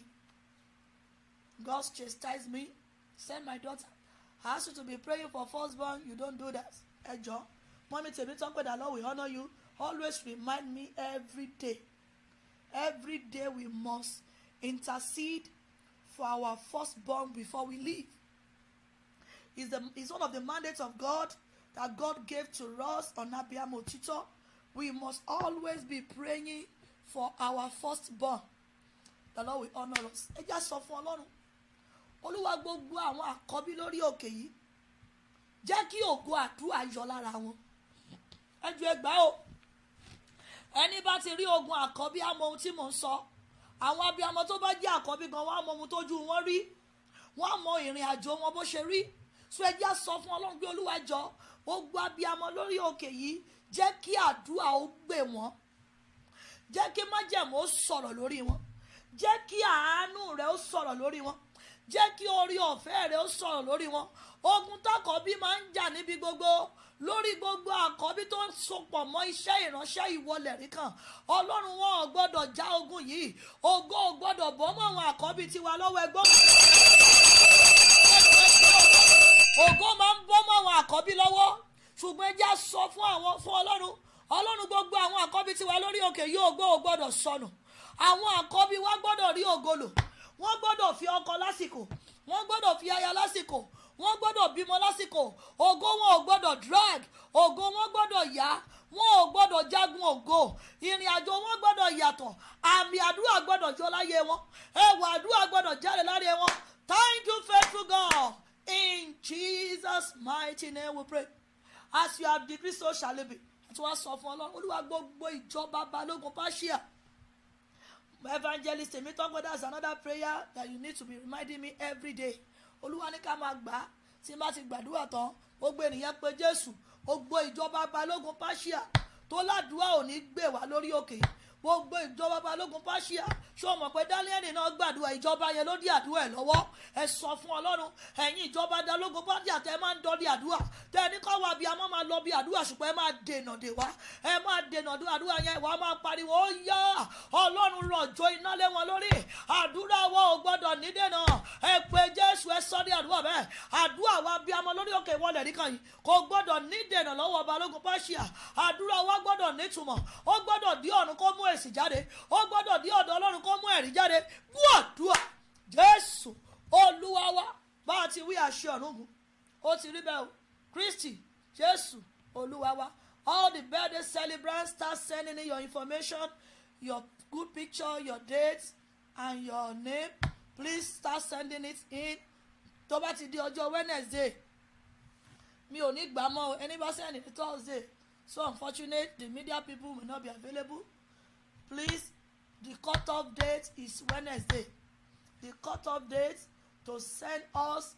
God chastise me send my daughter I ask you to be praying for firstborn you don't do that ẹ jọ̀ọ́ mọ́mí tèmi tọ́pẹ́ that Lord will honour you always remind me every day every day we must intercede for our firstborn before we leave. Is the is one of the mandates of God that God gave to us on Abia Motito, we must always be praying for our firstborn. The Lord will honor us. Ẹ jẹ́ sọ fún Ọlọ́run. Olúwa gbogbo àwọn àkọ́bí lórí òkè yìí. Jẹ́ kí ògo àdúrà yọ lára wọn. Ẹ ju ẹgbàá o. Ẹni bá ti rí ogun àkọ́bí á mọ ohun tí mò ń sọ. Àwọn abiyamọ tó bá jẹ́ àkọ́bí gan, wọ́n á mọ ohun tójú wọn rí. Wọ́n á mọ ìrìn àjò wọn bó ṣe rí. Sọ ẹ jẹ́ sọ fún Ọlọ́run pé Olúwa jọ ogun abiyamọ lórí òkè yìí jẹ́ kí àdúrà ó gbè wọ́n jẹ́ kí májẹ̀mú ó sọ̀rọ̀ lórí wọn jẹ́ kí àánú rẹ̀ ó sọ̀rọ̀ lórí wọn jẹ́ kí orí ọ̀fẹ́ rẹ̀ ó sọ̀rọ̀ lórí wọn ogun tọkọ̀bí máa ń jà níbi gbogbo lórí gbogbo àkọ́bí tó ń sopọ̀ mọ́ iṣẹ́ ìránṣẹ́ ìwọlẹ̀ rí kan ọlọ́run wọn ò gbọ́dọ̀ já ogun yìí ògo ò gbọ́dọ̀ bọ́ mọ́ àwọn àkọ́bí tiwa lọ́wọ́ ẹgbọ́n ògo máa ń bọ́ mọ́ àwọn àkọ́bí lọ́wọ́ ṣùgbọ́n ẹjẹ́ á sọ fún àwọn fún ọlọ́run ọlọ́run gbogbo àwọn àkọ́bí tiwa lórí òkè yóò gbọ́ ò gbọ́dọ̀ sọnù àwọn àkọ́bí wa gbọ́dọ̀ rí ògo lò wọ́n gbọ́dọ̀ fi ọkọ lásìkò wọ́n gbọ́dọ̀ fi aya lásìkò wọ́n gbọ́dọ̀ bímọ lásìkò ògo wọn ò gbọ́dọ̀ drag ògo wọn gbọ́dọ̀ yá wọn ò gbọ́dọ̀ jagun ògo ìrìn àjò wọn gbọ́dọ̀ yàtọ̀ àmì àdúrà gbọ́dọ̀ jọ láyé wọn ẹwà àdúrà gbọ́dọ̀ jáde láyé wọn thank you faithful God. In Jesus' mighty name we pray. As you have decreed, so shall it be. Tí wọ́n sọ for Ọlọ́run, Olúwa gbogbo ìjọba balógun pàṣẹ. Evangelist Emitọ́gbọ́n, that's another prayer that you need to be reminding me every day. Olúwa ní ká máa gbà á tí ti gbàdúrà tán. Gbogbo ènìyàn pé Jésù, gbogbo ìjọba balógun pàṣẹ tó ládùúgbà ò ní gbè wá lórí òkè gbogbo ìjọba balógun pàṣíà ṣó mọ̀ pé dáníẹ́lì náà gbàdúrà ìjọba yẹn ló dí àdúrà ẹ̀ lọ́wọ́ ẹ sọ fún ọlọ́run ẹ̀yin ìjọba balógun pàṣíà tẹ máa ń dọ́dí àdúrà tẹ ní kọ́ wa bí a máa lọ bí àdúrà ṣùgbọ́n ẹ máa dènà dè wá ẹ máa dènà àdúrà yẹn wàá máa pariwo ó yá ọlọ́run rọ̀jò iná lé wọn lórí àdúrà wa ò gbọ́dọ̀ ní dènà ẹ pé jésù ẹ sọ ní àdúrà bẹ́ẹ̀ wa bí a máa wa gbọ́dọ̀ nítumọ̀ èsì jáde ó gbọ́dọ̀ dé ọ̀dọ̀ ọlọ́run kó mú ẹ̀rí jáde gbọ́dọ̀ jésù olúwa wa bá a ti wí àṣẹ ọ̀run gùn ó ti rí bẹ́ẹ̀ o kristi jésù olúwa all the birthday celebrants start sending in your information your good picture your date and your name please start sending it in tó bá ti di ọjọ́ wednesday mi ò ní gbà mọ́ o ẹni bá sẹ́ni thursday so unfortunate the media people will not be available Please, the cut-off date is Wednesday. The cut-off date to send us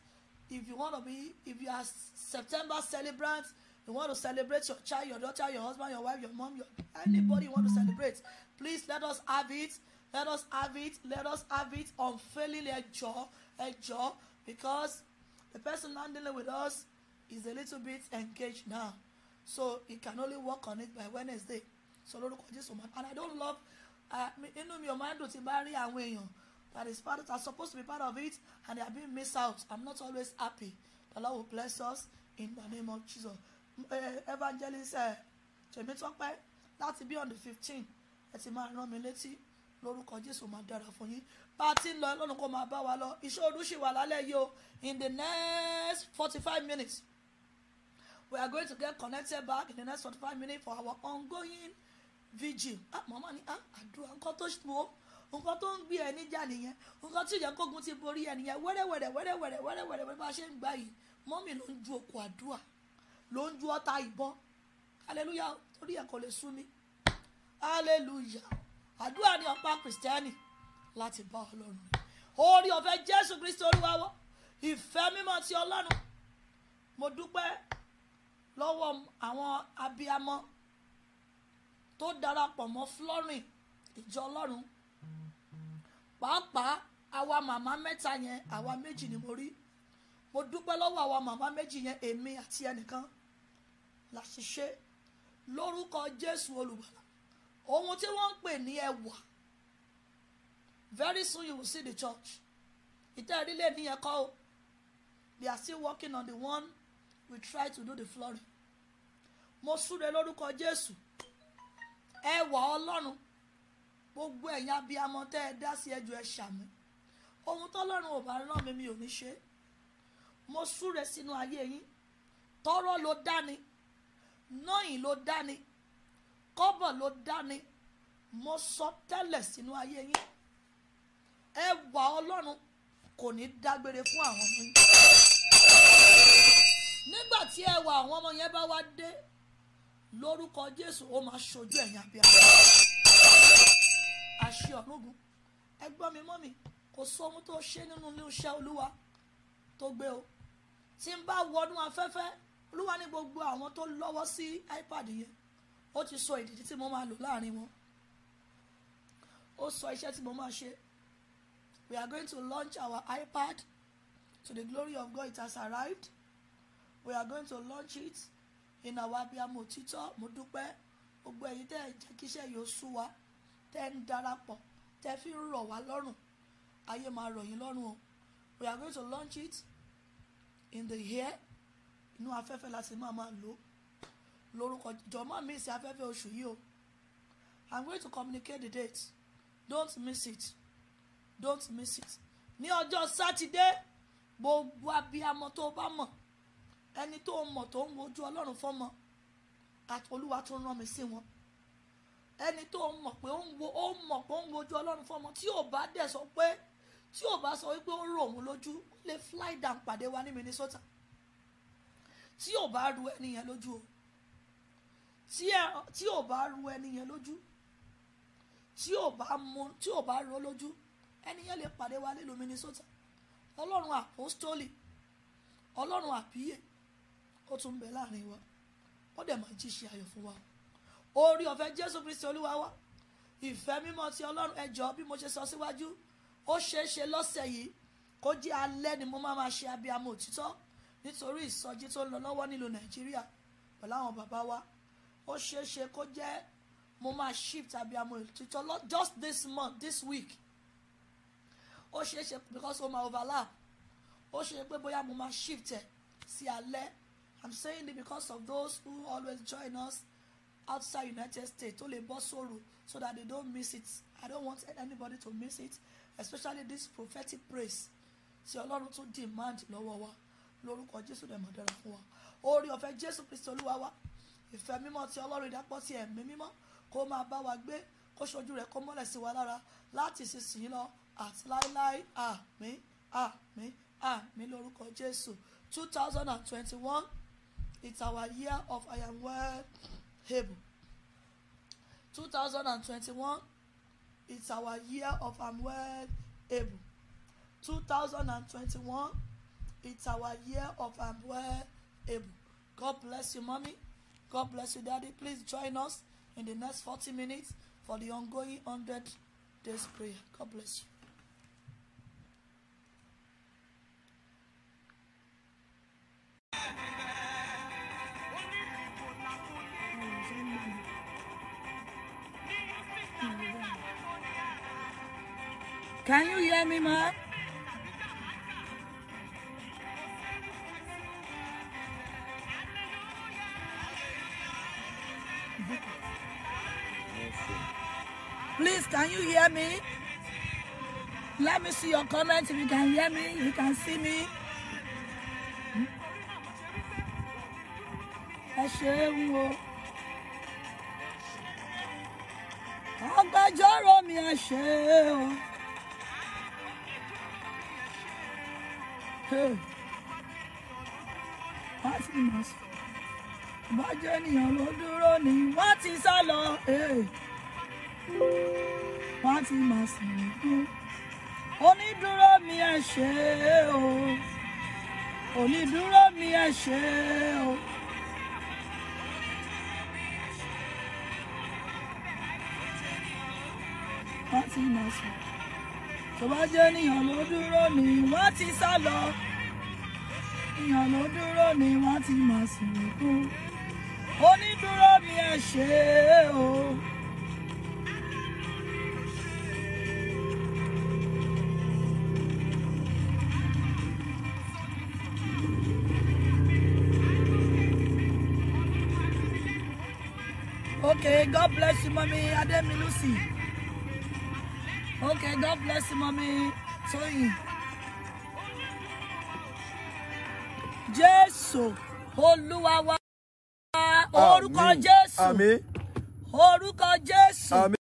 if you want to be if you are September celebrant you want to celebrate your child your daughter your husband your wife your mom your anybody you want to celebrate please let us have it let us have it let us have it unfailingly ẹjọ ẹjọ because the person now dealing with us is a little bit engaged now so he can only work on it by Wednesday sọ lórúkọ jésù máa and i don't love uh, inú mi ò máa ń dùn tí bá rí àwọn èèyàn that is part that supposed to be part of it and they are being missed out i'm not always happy the lord will bless us in the name of jesus uh, evangelist eh, Tèmítọ́pẹ́ láti bí on the fifteen ẹ ti máa rán mi létí lórúkọ jésù máa dára fún yín bá a ti ń lọ ẹlọ́run kó máa bá wa lọ iṣẹ́ olùṣì wà lálẹ́ yìí o in the next forty five minutes we are going to get connected back in the next forty five minutes for our ongoing. Virgin, ah mama ni ah àdúrà nǹkan tó wò nǹkan tó ń gbé ẹ níjà nìyẹn nǹkan tí ìyẹn kógun ti borí ẹ nìyẹn wẹ́rẹ́wẹ́rẹ́ wẹ́rẹ́wẹ́rẹ́ wẹ́rẹ́wẹ́rẹ́ bá a ṣe ń gbà yìí mọ́mì ló ń ju òkú àdúrà ló ń ju ọta ìbọn aleluya torí ẹ̀ kò lè sú mi aleluya àdúrà ní ọ̀pá kìrìsìtẹ́nì láti bá ọlọ́run orí ọ̀fẹ́ jésù kristi olúwa ìfẹ́ mímọ́ ti ọlọ́run mo dúpẹ́ lọ́wọ́ àwọn abiyamọ tó darapọ̀ mọ́ flooring ìjọ ọlọ́run pàápàá àwa màmá mẹ́ta yẹn àwa méjì ni mo rí mo dúpẹ́ lọ́wọ́ àwa màmá méjì yẹn èmi àti ẹnìkan la ṣe ṣe lórúkọ jésù olùgbàlà ohun tí wọ́n ń pè ní ẹwà very soon you will see the church ìtẹ́ ìdílé ní yẹn o they are still working on the one we try to do the flooring mo súre lórúkọ jésù ẹwà ọlọ́run gbogbo ẹ̀yin abiyamọ tẹ́ ẹ dá sí ẹjọ́ ẹ ṣàmì ohun tọ́lọ́run ò bá rán mi mi ò ní ṣe mo súre sínú ayé yín tọ́rọ̀ ló ni nọ́yìn ló dání kọ́bọ̀ ló dání mo sọ tẹ́lẹ̀ sínú ayé yín ẹwà ọlọ́run kò ní dágbére fún àwọn ọmọ yín nígbà tí ẹwà àwọn ọmọ yẹn bá wá dé lórúkọ jésù ó máa ṣojú ẹ̀yìn abiyamọ àṣẹ ọ̀nùgún ẹgbọ́n mi mọ́ mi kò sóhun tó ṣe nínú iléeṣẹ́ olúwa tó gbé o tí n bá wọnú afẹ́fẹ́ olúwa ní gbogbo àwọn tó lọ́wọ́ sí ipad yẹn ó ti sọ ìdí tí mo máa lò láàrin wọn ó sọ iṣẹ́ tí mo máa ṣe we are going to launch our ipad to the glory of God it has arrived we are going to launch it iná wa bí amọ̀ òtítọ́ mo dúpẹ́ gbogbo ẹ̀yin tẹ́ ẹ jẹ́ kíṣẹ́ yóò sú wa tẹ́ ń darapọ̀ tẹ́ fi ń rọ̀ wá lọ́rùn ayé máa rọ̀ yín lọ́rùn o we are going to launch it in the air inú afẹ́fẹ́ láti máa máa lò lórúkọ jọ̀mọ́ mi sí afẹ́fẹ́ oṣù yìí o i'm going to communicate the date don't miss it don't miss it ní ọjọ́ sátidé gbogbo abiyamọ tó bá mọ̀ ẹni tó mọ̀ tó ń wojú ọlọ́run fọ́mọ olúwa tó rán mi sí wọn ẹni tó mọ̀ pé ó ń wo ó mọ̀ pé ó ń wojú ọlọ́run fọ́mọ tí ò bá dẹ̀ sọ pé tí ò bá sọ wípé ó rò òun lójú ó lè fly down pàdé wa ní Minnesota tí ò bá ru ẹni yẹn lójú o tí ò bá ru ẹni yẹn lójú tí ò bá mu tí ò bá ru lójú ẹni yẹn lè pàdé wa nílùú Minnesota ọlọ́run àpọ́stólì ọlọ́run àbíyè ó tún bẹ láàrin wa ó dẹ̀ máa jíṣẹ́ ayọ̀ fún wa orí ọ̀fẹ́ jésù kristi olúwa wa ìfẹ́ mímọ́ ti ọlọ́run ẹ jọ̀ọ́ bí mo ṣe sọ síwájú ó ṣeé ṣe lọ́sẹ̀ yìí kó jẹ́ alẹ́ ni mo máa máa ṣe abiyamọ òtítọ́ nítorí ìsọjí tó ń lọ lọ́wọ́ nílùú nàìjíríà pẹ̀lú àwọn bàbá wa ó ṣeé ṣe kó jẹ́ mo máa shift abiyamọ òtítọ́ just this month this week ó ṣeé ṣe because ó máa overlap ó ṣeé pé bóyá mo máa shift ẹ̀ sí alẹ́ I'm saying it because of those who always join us outside United States tó lè bọ́ sóru so that they don't miss it I don't want anybody to miss it especially this prophetic praise tí Ọlọ́run tún demand lọ́wọ́ wa lórúkọ Jésù dẹ̀ mọ̀ dára fún wa oore ọ̀fẹ́ Jésù Kristi Olúwa wa ìfẹ́ mímọ́ ti Ọlọ́run ìdápọ̀ ti ẹ̀mí mímọ́ kó máa bá wa gbé kó ṣojú rẹ̀ kó mọ́lẹ̀ sí wa lára láti ìsinsìnyí lọ àti láéláé àmín àmín àmín lórúkọ Jésù two thousand and twenty-one. It's our year of I am well able. 2021, it's our year of I'm well able. 2021, it's our year of I'm well able. God bless you, mommy. God bless you, daddy. Please join us in the next 40 minutes for the ongoing 100 days prayer. God bless you. Thank you. Can you hear me, ma'am? Please, can you hear me? Let me see your comments if you can hear me, if you can see me. Ẹ ṣeun o. Agbẹjọ́rò mi ẹ ṣeun. Hey. Wọ́n sì mọ̀ sí. Bá jẹ́ ènìyàn ló dúró ni wọ́n ti sá lọ. Hey. Wọ́n ti mọ̀ sí nìkú. Onídúró mi ẹ ṣé o. Onídúró mi ẹ ṣé o. Wọ́n ti mọ̀ sí tó bá jẹ́ níyàn ló dúró ni wọ́n ti sá lọ níyàn ló dúró ni wọ́n ti máa sùn kú onídúró mi ẹ ṣe o. Okay, God bless you, mommy. Ademi Lucy. Okay, God bless you, mommy. Sorry. Jésù, Olúwa wa, orúkọ Jésù. Àmín. Orúkọ Jésù. Àmín.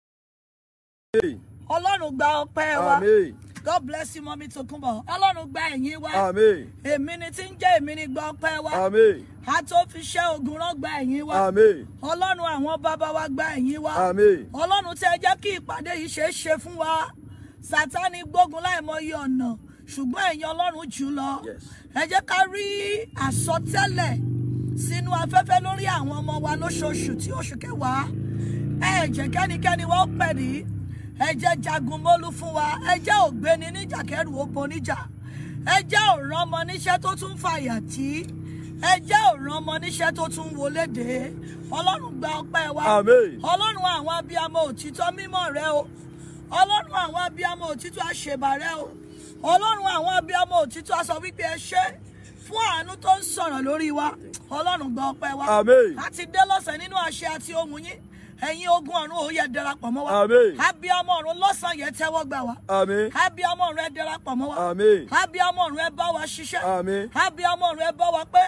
Ọlọ́run gba ọpẹ́ wa. Àmín. God bless you, mommy. Tòkunbọ̀. Ọlọ́run gba ẹ̀yìn wa. Àmín. Èmi ni tí ń jẹ́ èmi ni gba ọpẹ́ wa. Àmín. A tó fi ṣẹ́ ogun rán gba ẹ̀yìn wa. Àmín. Ọlọ́run àwọn bàbá wa gba ẹ̀yìn wa. Àmín. Ọlọ́run tí ẹ jẹ́ kí ìpàdé yìí ṣe é ṣe fún wa. Sátánì gbógun láìmọye ọ̀nà ṣùgbọ́n ẹ̀yin Ọlọ́run jù lọ. Ẹ jẹ́ ká rí àsọtẹ́lẹ̀ sínú afẹ́fẹ́ lórí àwọn ọmọ wa lóṣooṣù tí oṣù kẹwàá. Ẹ jẹ́ kẹ́nikẹ́ni wọ́n pẹ̀lú ẹ jẹ́ jagun mólú fún wa ẹ jẹ́ ògbéni níjà kẹrù òbò níjà ẹ jẹ́ òràn ọmọ níṣẹ́ tó tún fàyà tí ẹ jẹ́ ọmọ níṣẹ́ tó tún wọlé dé gba ọpẹ́ wa ọlọ́run àwọn abiyamọ òtítọ́ mímọ́ rẹ o ọlọ́run àwọn abiyamọ òtítọ́ àṣebà rẹ o ọlọ́run àwọn abiyamọ òtítọ́ aṣọ wípé ẹ ṣe fún àánú tó ń sọ̀rọ̀ lórí wa ọlọ́run gba ọpẹ́ wa láti dé lọ́sẹ̀ nínú àṣẹ àti ohun yín ẹ̀yin ogun ọ̀run ó yẹ darapọ̀ mọ́ wa abiyamọ ọ̀run lọ́sàn yẹ tẹ́wọ́ gbà wá abiyamọ ọ̀run ẹ darapọ̀ mọ́ wa abiyamọ ọ̀run ẹ bá wa ṣiṣẹ́ abiyamọ ọ̀run ẹ bá wa pé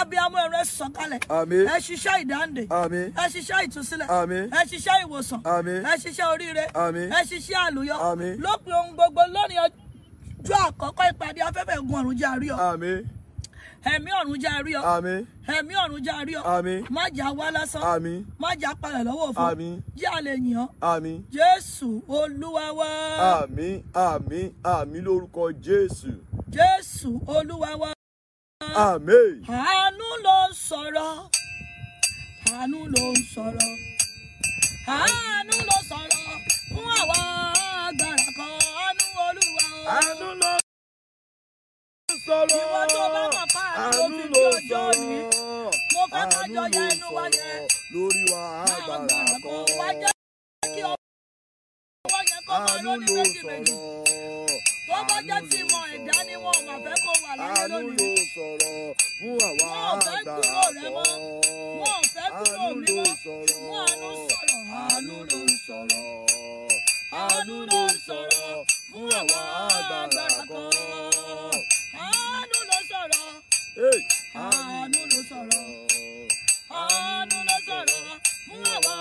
abiyamọ ọ̀run ẹ sọ̀kalẹ̀ ẹ ṣiṣẹ́ ìdáǹdè ẹ ṣiṣẹ́ ìtúsílẹ̀ ẹ ṣiṣẹ́ ìwòsàn ẹ ṣiṣẹ́ oríire ẹ ṣiṣẹ́ àlùyọ lópin ohun gbogbo lónìí ọjọ́ àkọ́kọ́ ìpàdé afẹ́fẹ́ ogun ọ̀run jẹ́ àríyọ ẹ̀mí ọ̀run já rí ọ ẹ̀mí ọ̀run já rí ọ má jà wá lásán má jà palẹ̀ lọ́wọ́ òfò jí a lè yàn ọ́ jésù olúwa wa. àmín àmín lórúkọ jésù. jésù olúwa wa. àmín. àánú ló ń sọ̀rọ̀ àánú ló ń sọ̀rọ̀ àánú ló sọ̀rọ̀ fún àwa agbára kan ọ̀nù olúwa. àánú ló sọ̀rọ̀ ìwọ tó bá bàbá àti òfin bí ọjọ́ ni mo fẹ́ ká jọ ya ẹnu wa yẹn lórí wa àgbàrá kan àánú ló sọ̀rọ̀ tó bá jẹ́ ti mọ ẹ̀dá ni wọn mà fẹ́ kó wà láyé lónìí. àánú ló sọ̀rọ̀ fún àwa àgbàrá kan àánú ló sọ̀rọ̀ àánú ló sọ̀rọ̀ àánú ló sọ̀rọ̀ fún àwa àgbàrá kan. Anu ló sọ̀rọ̀ àánú ló sọ̀rọ̀ mú àwa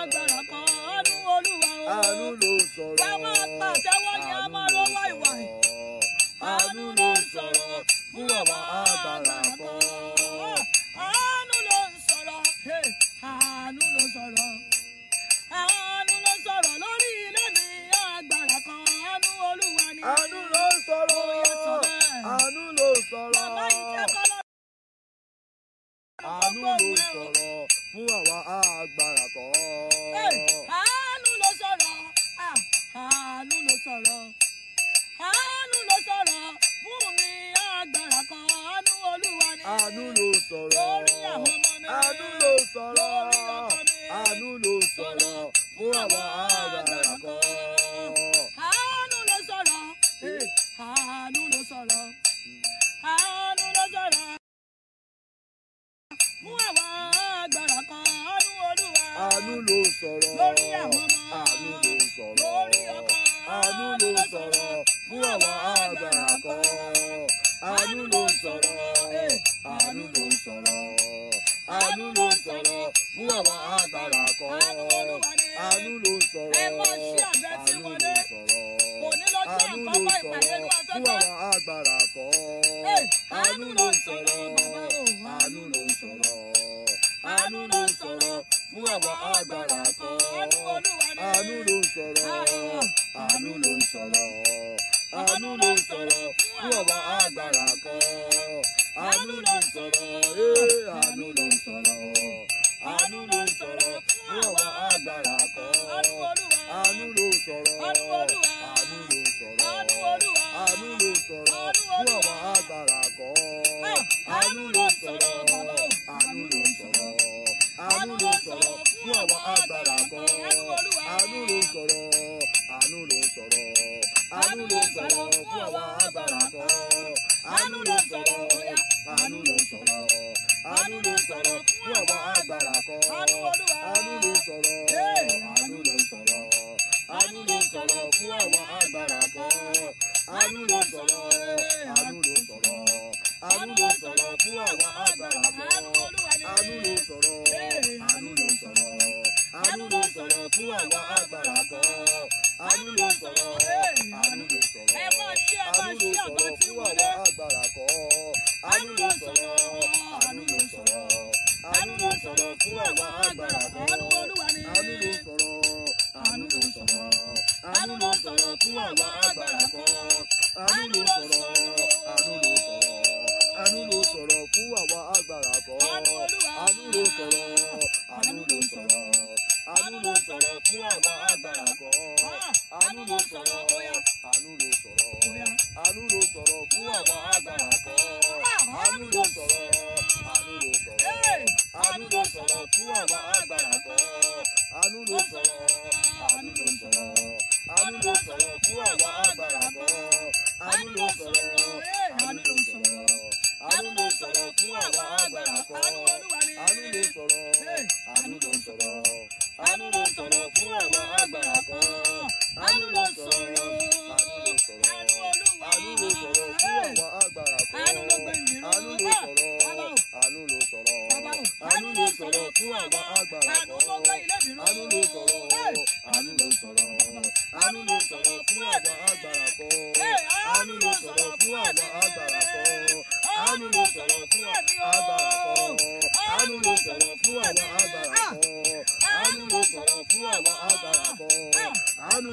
agbára kan àánú olúwa o àánú ló sọ̀rọ̀ wá máa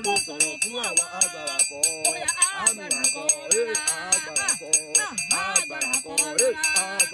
mo sọ̀rọ̀ fún àwọn agbára kọ́ agbára kọ́ agbára kọ́ agbára kọ́ agbára kọ́.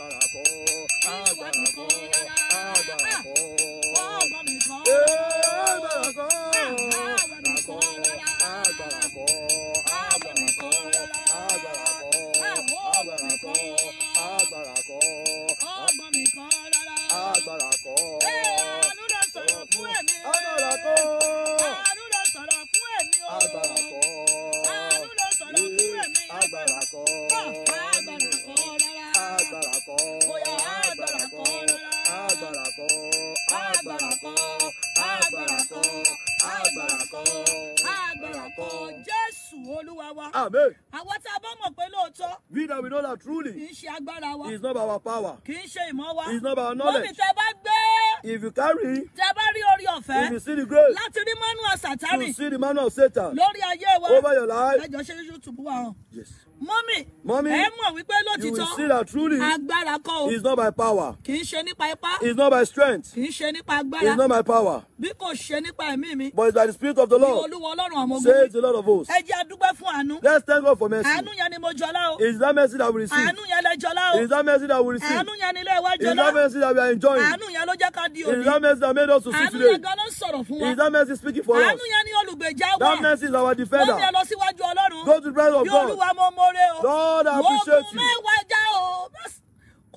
Àmín. Àwọn tá a bá mọ̀ pé lóòótọ́. We that we know that truly. Kì í ṣe agbára It's not by our power. Kì í ṣe ìmọ̀ wa. It not by our knowledge. Mọ́mí tẹ bá gbé. If you carry. Tẹ bá rí orí ọ̀fẹ́. If you see the grace. Láti rí mánú of Sátánì. To see the mánú of Satan. Lórí ayé wa. Over your life. Ẹ ṣe YouTube wa Yes. Mọ́mí. Mọ́mí. Ẹ mọ̀ wípé lótìtọ́. You will see that truly. Agbára kọ́ o. It not by power. Kì í ṣe nípa ipá. It not by strength. Kì í ṣe nípa agbára. It not by power. Bí kò ṣe nípa ẹ̀mí mi. But it by the spirit of the Lord. Bí Olúwa Ọlọ́run ọmọ ogun. Say it to the Lord of hosts. Ẹ jẹ́ a fún àánú. Let's thank God for mercy. Àánú yẹn ni mo jọlá o. is that mercy that we receive. Àánú yẹn lẹ jọlá o. is that that mercy that we receive. It is that mercy that we are enjoying. It is that mercy that made us to see today. It is that mercy speaking for us. That mercy is our defender. Wọ́n fi Go to the presence of God. Lord, I appreciate you.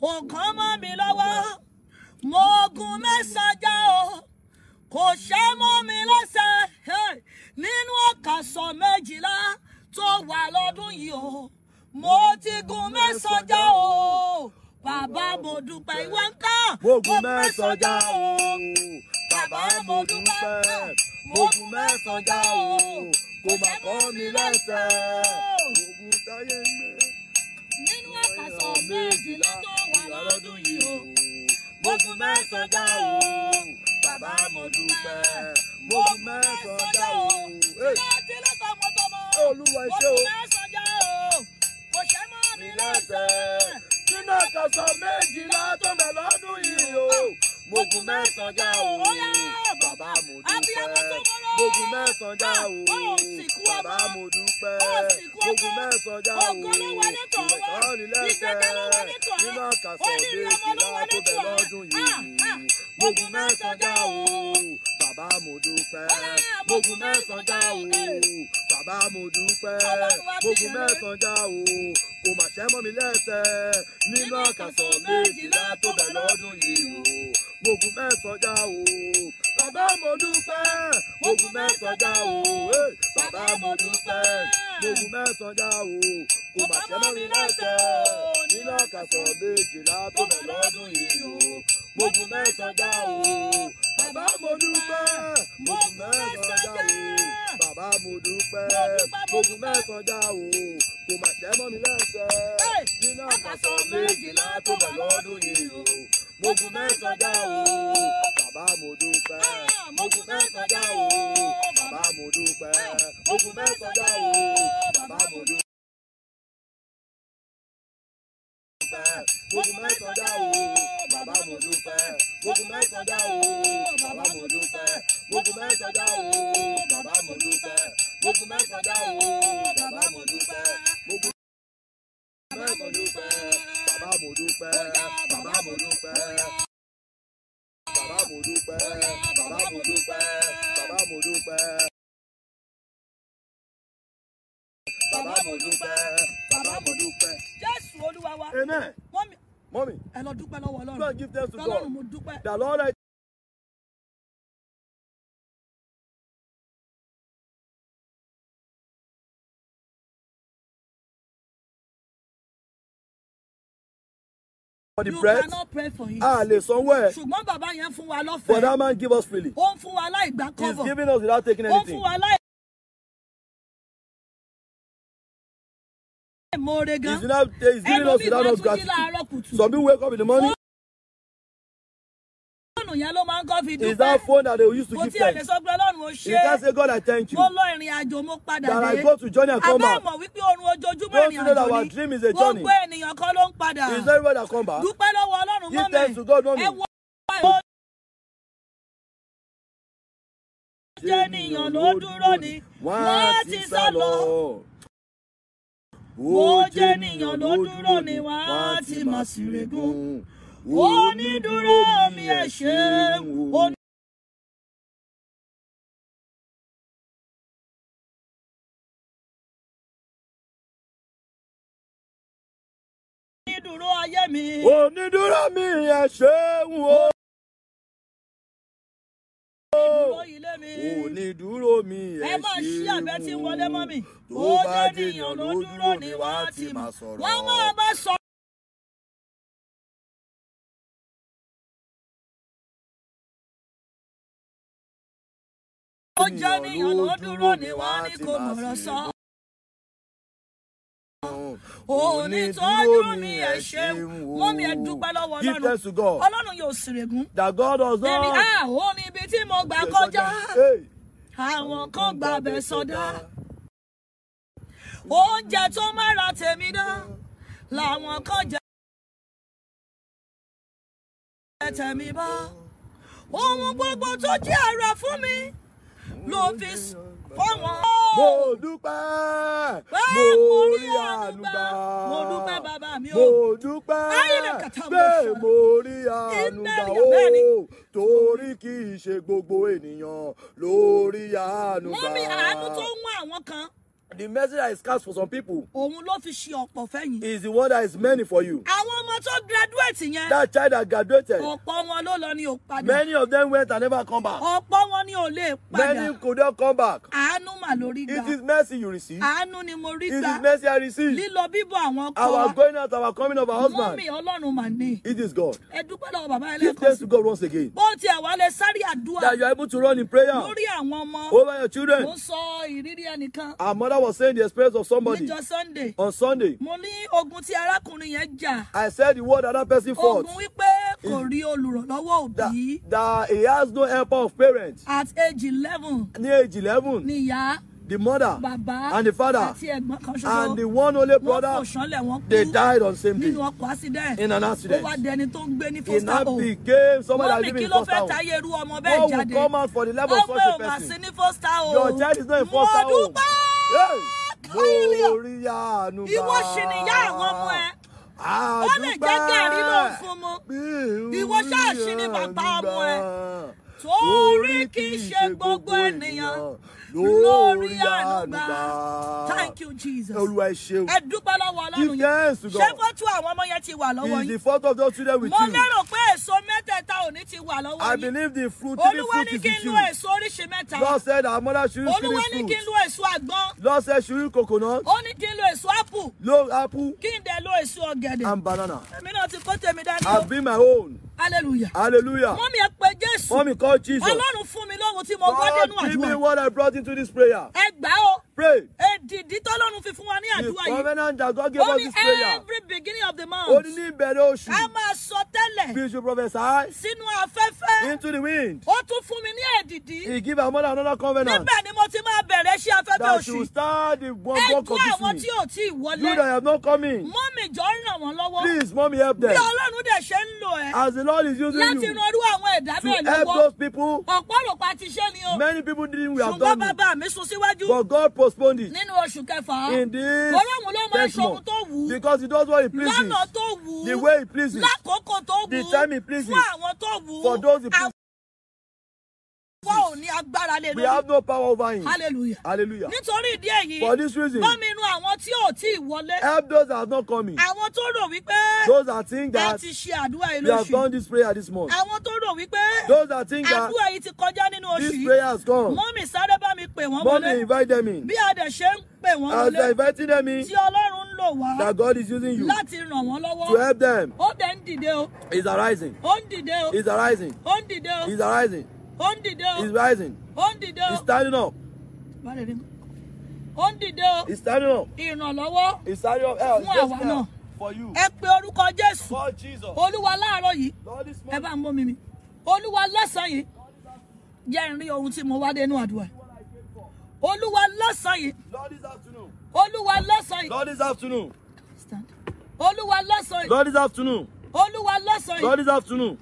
Kò kán mọ́ mi lọ́wọ́. Mo gun mẹ́sàn-án já o. Kò ṣẹ́ mọ́ mi lọ́sẹ̀. Nínú ọ̀kàsọ̀ méjìlá tó wà lọ́dún yìí o mo ti gun mẹ́sànjá o bàbá mo dúpẹ́ ìwọ nǹkan mo gun mẹ́sànjá o bàbá mo dúpẹ́ mo gun mẹ́sànjá o kò má kọ́ mi lẹ́sẹ̀ nínú àkàsọ̀ méjì lọ́jọ́ wà lọ́dún yìí o mo gun mẹ́sànjá o bàbá mo dúpẹ́ mo gun mẹ́sànjá o. olúwa ṣé o mẹ́sẹ̀ sínú kẹsàn méjìlá tó bẹ̀ lọ́dún yìí o mogun mẹ́sàn já o bàbá mo dúpẹ́ mogun mẹ́sàn já o bàbá mo dúpẹ́ mogun mẹ́sàn já o ìrẹ̀kọ́ni lẹ́sẹ̀ sínú kẹsàn méjìlá tó bẹ̀ lọ́dún yìí mogun mẹ́sàn já o bàbá mo dúpẹ́ mogun mẹ́sàn já o bàbá mo dúpẹ́ gbogbo mẹ́sàn-án já o kò mà ṣẹ́ mọ́ mi lẹ́sẹ̀ nínú àkàsọ̀ méjìlá tó bẹ̀ lọ́dún yìí o gbogbo mẹ́sàn-án já o bàbá mo dúpẹ́ gbogbo mẹ́sàn-án já o bàbá mo dúpẹ́ gbogbo mẹ́sàn-án já o kò mà ṣẹ́ mọ́ mi lẹ́sẹ̀ nínú àkàsọ̀ méjìlá tó bẹ̀ lọ́dún yìí o gbogbo mẹ́sàn-án já o bàbá mo dúpẹ́ mo kú mẹ́sàn-án já o bàbá mo dúpẹ́ mo kú mẹ́sàn-án já o kò mà jẹ́ mọ́ mi lẹ́sẹ̀ nínú àkàsọ méjìlá tó bà lọ́dún yìí o mo kú mẹ́sàn-án já o bàbá mo dúpẹ́ mo kú mẹ́sàn-án já o bàbá mo dúpẹ́ mo kú mẹ́sàn-án já o bàbá mo dúpẹ́. dúpẹ́ gbogbo mẹ́kànjá o bàbá mo dúpẹ́ gbogbo mẹ́kànjá o bàbá mo dúpẹ́ gbogbo mẹ́kànjá o bàbá mo dúpẹ́ gbogbo mẹ́kànjá o bàbá mo dúpẹ́ gbogbo mẹ́kànjá mo dúpẹ́ bàbá mo dúpẹ́ bàbá mo dúpẹ́ bàbá mo dúpẹ́. Amen. Mọ́mí. Mọ́mí. Ẹ lọ lọ́wọ́ Ọlọ́run. Go and give thanks to God. Tọ́lọ́run mo dúpẹ́. The Lord I for the you bread. You cannot pray for him. A lè sanwó Ṣùgbọ́n bàbá yẹn fún wa lọ́fẹ̀ẹ́. But that man give us freely. Ó ń fún wa láì gbà kọ́bọ̀. He giving us without taking anything. Ó ń fún wa láì. More gan. not, it's giving us without us gratitude. Some people wake up in the morning. is that phone that they used to give thanks. mo ti you can say God I thank you. that I go to journey and come back. abẹ́mọ̀ don't you know that our dream is a journey. is not everybody that come back. give thanks to God mọ́mẹ́. What is ọ̀pá ìjọ bó jẹ́ nìyàn ló dúró ni wá ti mà sí regún onídúró mi ẹ̀ ṣe oní. onídúró ayé mi. onídúró mi ẹ̀ ṣeun o òní dúró mi ẹ ṣe é tó bá dènìyàn ló dúró ni wàá ti máa sọ̀rọ̀. ó jẹ́ níyàn ló dúró ni wàá ní kò mọ̀rọ̀ sọ. Òní tọ́jú mi ẹ̀ ṣe wọ́n mi ẹ̀ dúpẹ́ lọ́wọ́ Ọlọ́run. Ọlọ́run yóò sèrègùn. That God does not. Bẹ́ẹ̀ni, ah, ó tí mo gbà kọjá àwọn kan gbà bẹ̀ sọdá oúnjẹ tó mára tèmi dá làwọn kan jẹ tẹ̀mí bá ohun gbogbo tó jẹ́ ara fún mi ló fi fọ́ wọn mo dúpẹ́ mo rí ànúgbà mo dúpẹ́ bàbá mi o mo dúpẹ́ pé mo rí ànúgbà o torí kì í ṣe gbogbo ènìyàn lórí ànúgbà. mọ́mí àánú tó ń wá àwọn kan. The mercy that is cast for some people. Òun ló fi ṣe ọ̀pọ̀ fẹ́yìn. Is the one that is many for you. Àwọn ọmọ tó graduate yẹn. That child that graduated. Ọ̀pọ̀ wọn ló lọ ní òpadà. Many of them went and never come back. Ọ̀pọ̀ wọn ní ò lè padà. Many could not come back. Àánú mà lórí gbà. It is mercy you receive. Àánú ni mo rí gbà. It is mercy I receive. Lílọ bíbọ̀ àwọn ọkọ wa. Our going out, our coming of our husband. Mọ́mí Ọlọ́run mà ní. It is God. Ẹ dúpẹ́ lọ́wọ́ bàbá ẹlẹ́kọ̀ọ́. Give thanks to God once again. Bó ti àwa lè sáré àdúrà. That you are able to run in prayer. Lórí àwọn ọmọ. Over your children. Mo sọ ìrírí ẹnìkan. Our mother was saying the experience of somebody. Níjọ́ Sunday. On Sunday. Mo ní ogun tí arákùnrin yẹn jà. I said the word another person fought. Ogun wípé kò rí olùrànlọ́wọ́ òbí. That he has no help of parents. At age eleven. Ní age eleven. Ní ìyá the mother Baba, and the father and the one only brother they died on same day in an accident he now became somebody that living in foster home what will come out for the level of such a person your child is not in foster home lórí àánú bá ìwọ sì nìyá àwọn ọmọ ẹ ó lè jẹ́ gàrí ló ń fún mu ìwọ ṣáà sì ni bàbá ọmọ ẹ torí kì í ṣe gbogbo ènìyàn lórí ànúgbà thank you jesus olúwa ẹ ṣeun ẹ dúpẹ́ lọ́wọ́ ọlọ́run yìí ṣé fọ́tò àwọn ọmọ yẹn ti wà lọ́wọ́ yìí is the photo of those children with you mo lérò pé èso mẹ́tẹ̀ẹ̀ta òní ti wà lọ́wọ́ yìí i believe the fruit three fruit is with you olúwa ní kí n lo èso oríṣi mẹ́ta lord said our mother should use fruit olúwa ní kí n lo èso àgbọn lord said should use coconut ó ní kí n lo èso apple lo apple kí n dẹ̀ lo èso ọ̀gẹ̀dẹ̀ and banana èmi náà my own. Hallelujah. Hallelujah. Mọ́mí ẹ pé Jésù. Mọ́mí call Jesus. Ọlọ́run fún mi lóhun tí mo gbọ́ nínú àdúrà. God give me what I brought into this prayer. Ẹ gbà ó pray. Èdìdí tọ́lọ́run fi fún wa ní àdúrà yìí. The covenant that God gave us this prayer. Ó every beginning of the month. Ó ní ní ìbẹ̀rẹ̀ oṣù. A máa sọ tẹ́lẹ̀. We should prophesy. Sínú afẹ́fẹ́. Into the wind. Ó tún fún mi ní èdìdí. He give our mother another covenant. Níbẹ̀ ni mo ti máa bẹ̀rẹ̀ iṣẹ́ afẹ́fẹ́ oṣù. That should start the one work of this week. Ẹ̀dùn àwọn tí ò tí ì wọlé. You that have not come in. Mọ́mì jọ ń ràn wọ́n lọ́wọ́. Please mommy help them. Bí Ọlọ́run dẹ̀ ṣe ń lò ẹ́. As the Lord is using you. Láti ran irú àwọn ẹ̀dá bẹ́ẹ̀ lọ́wọ́. To help those people. Ọ̀pọ̀lọpọ̀ Many people didn't we have done it. God postponed it. nínú oṣù kẹfà. in this text month because he does what he pleases. lọ́nà tó wù ú. the way he pleases. lákòókò tó wù ú. the time he pleases. fún àwọn tó wù ú. for those he pleases. Wọ́n ò ní agbára lé lórí. We have no power over him. Hallelujah. Hallelujah. Nítorí ìdí èyí. For this reason. Bọ́mi inú àwọn tí ò tí ì wọlé. Help those that have not come in. Àwọn tó rò wípé. Those that think that. A ṣe àdúrà yìí lóṣù. We have done this prayer this month. Àwọn tó rò wípé. Those that think that. Àdúrà yìí ti kọjá nínú oṣù yìí. This prayer has come. Mọ́mì sáré bá mi pè wọ́n wọlé. Mọ́mì invite them in. Bí a ṣe ń pè wọ́n wọlé. As they inviting them in. Tí Ọlọ́run ń lò wá. That God is using you. Láti ràn wọ́n lọ́wọ́. To help them. Ó dẹ̀ ń dìde o. He's arising. Ó ń dìde o. He's arising. Ó ń dìde o. He's arising ó ń dìde he's rising. ó ń dìde he's standing up. báyìí rí ó he's standing up. ìrànlọ́wọ́. he's standing up. fún àwa náà. for you. ẹ pe orúkọ Jésù. for Jesus. olúwa láàárọ̀ yìí. Lord this morning. ẹ bá ń bómi mi. olúwa lọ́sàn-án yìí. jẹ́ rí ohun tí mo wá dé inú àdúrà. olúwa lọ́sàn-án yìí. Lord this afternoon. olúwa lọ́sàn-án yìí. Lord this afternoon. olúwa lọ́sàn-án yìí. Lord this afternoon. olúwa lọ́sàn-án yìí. Lord this afternoon.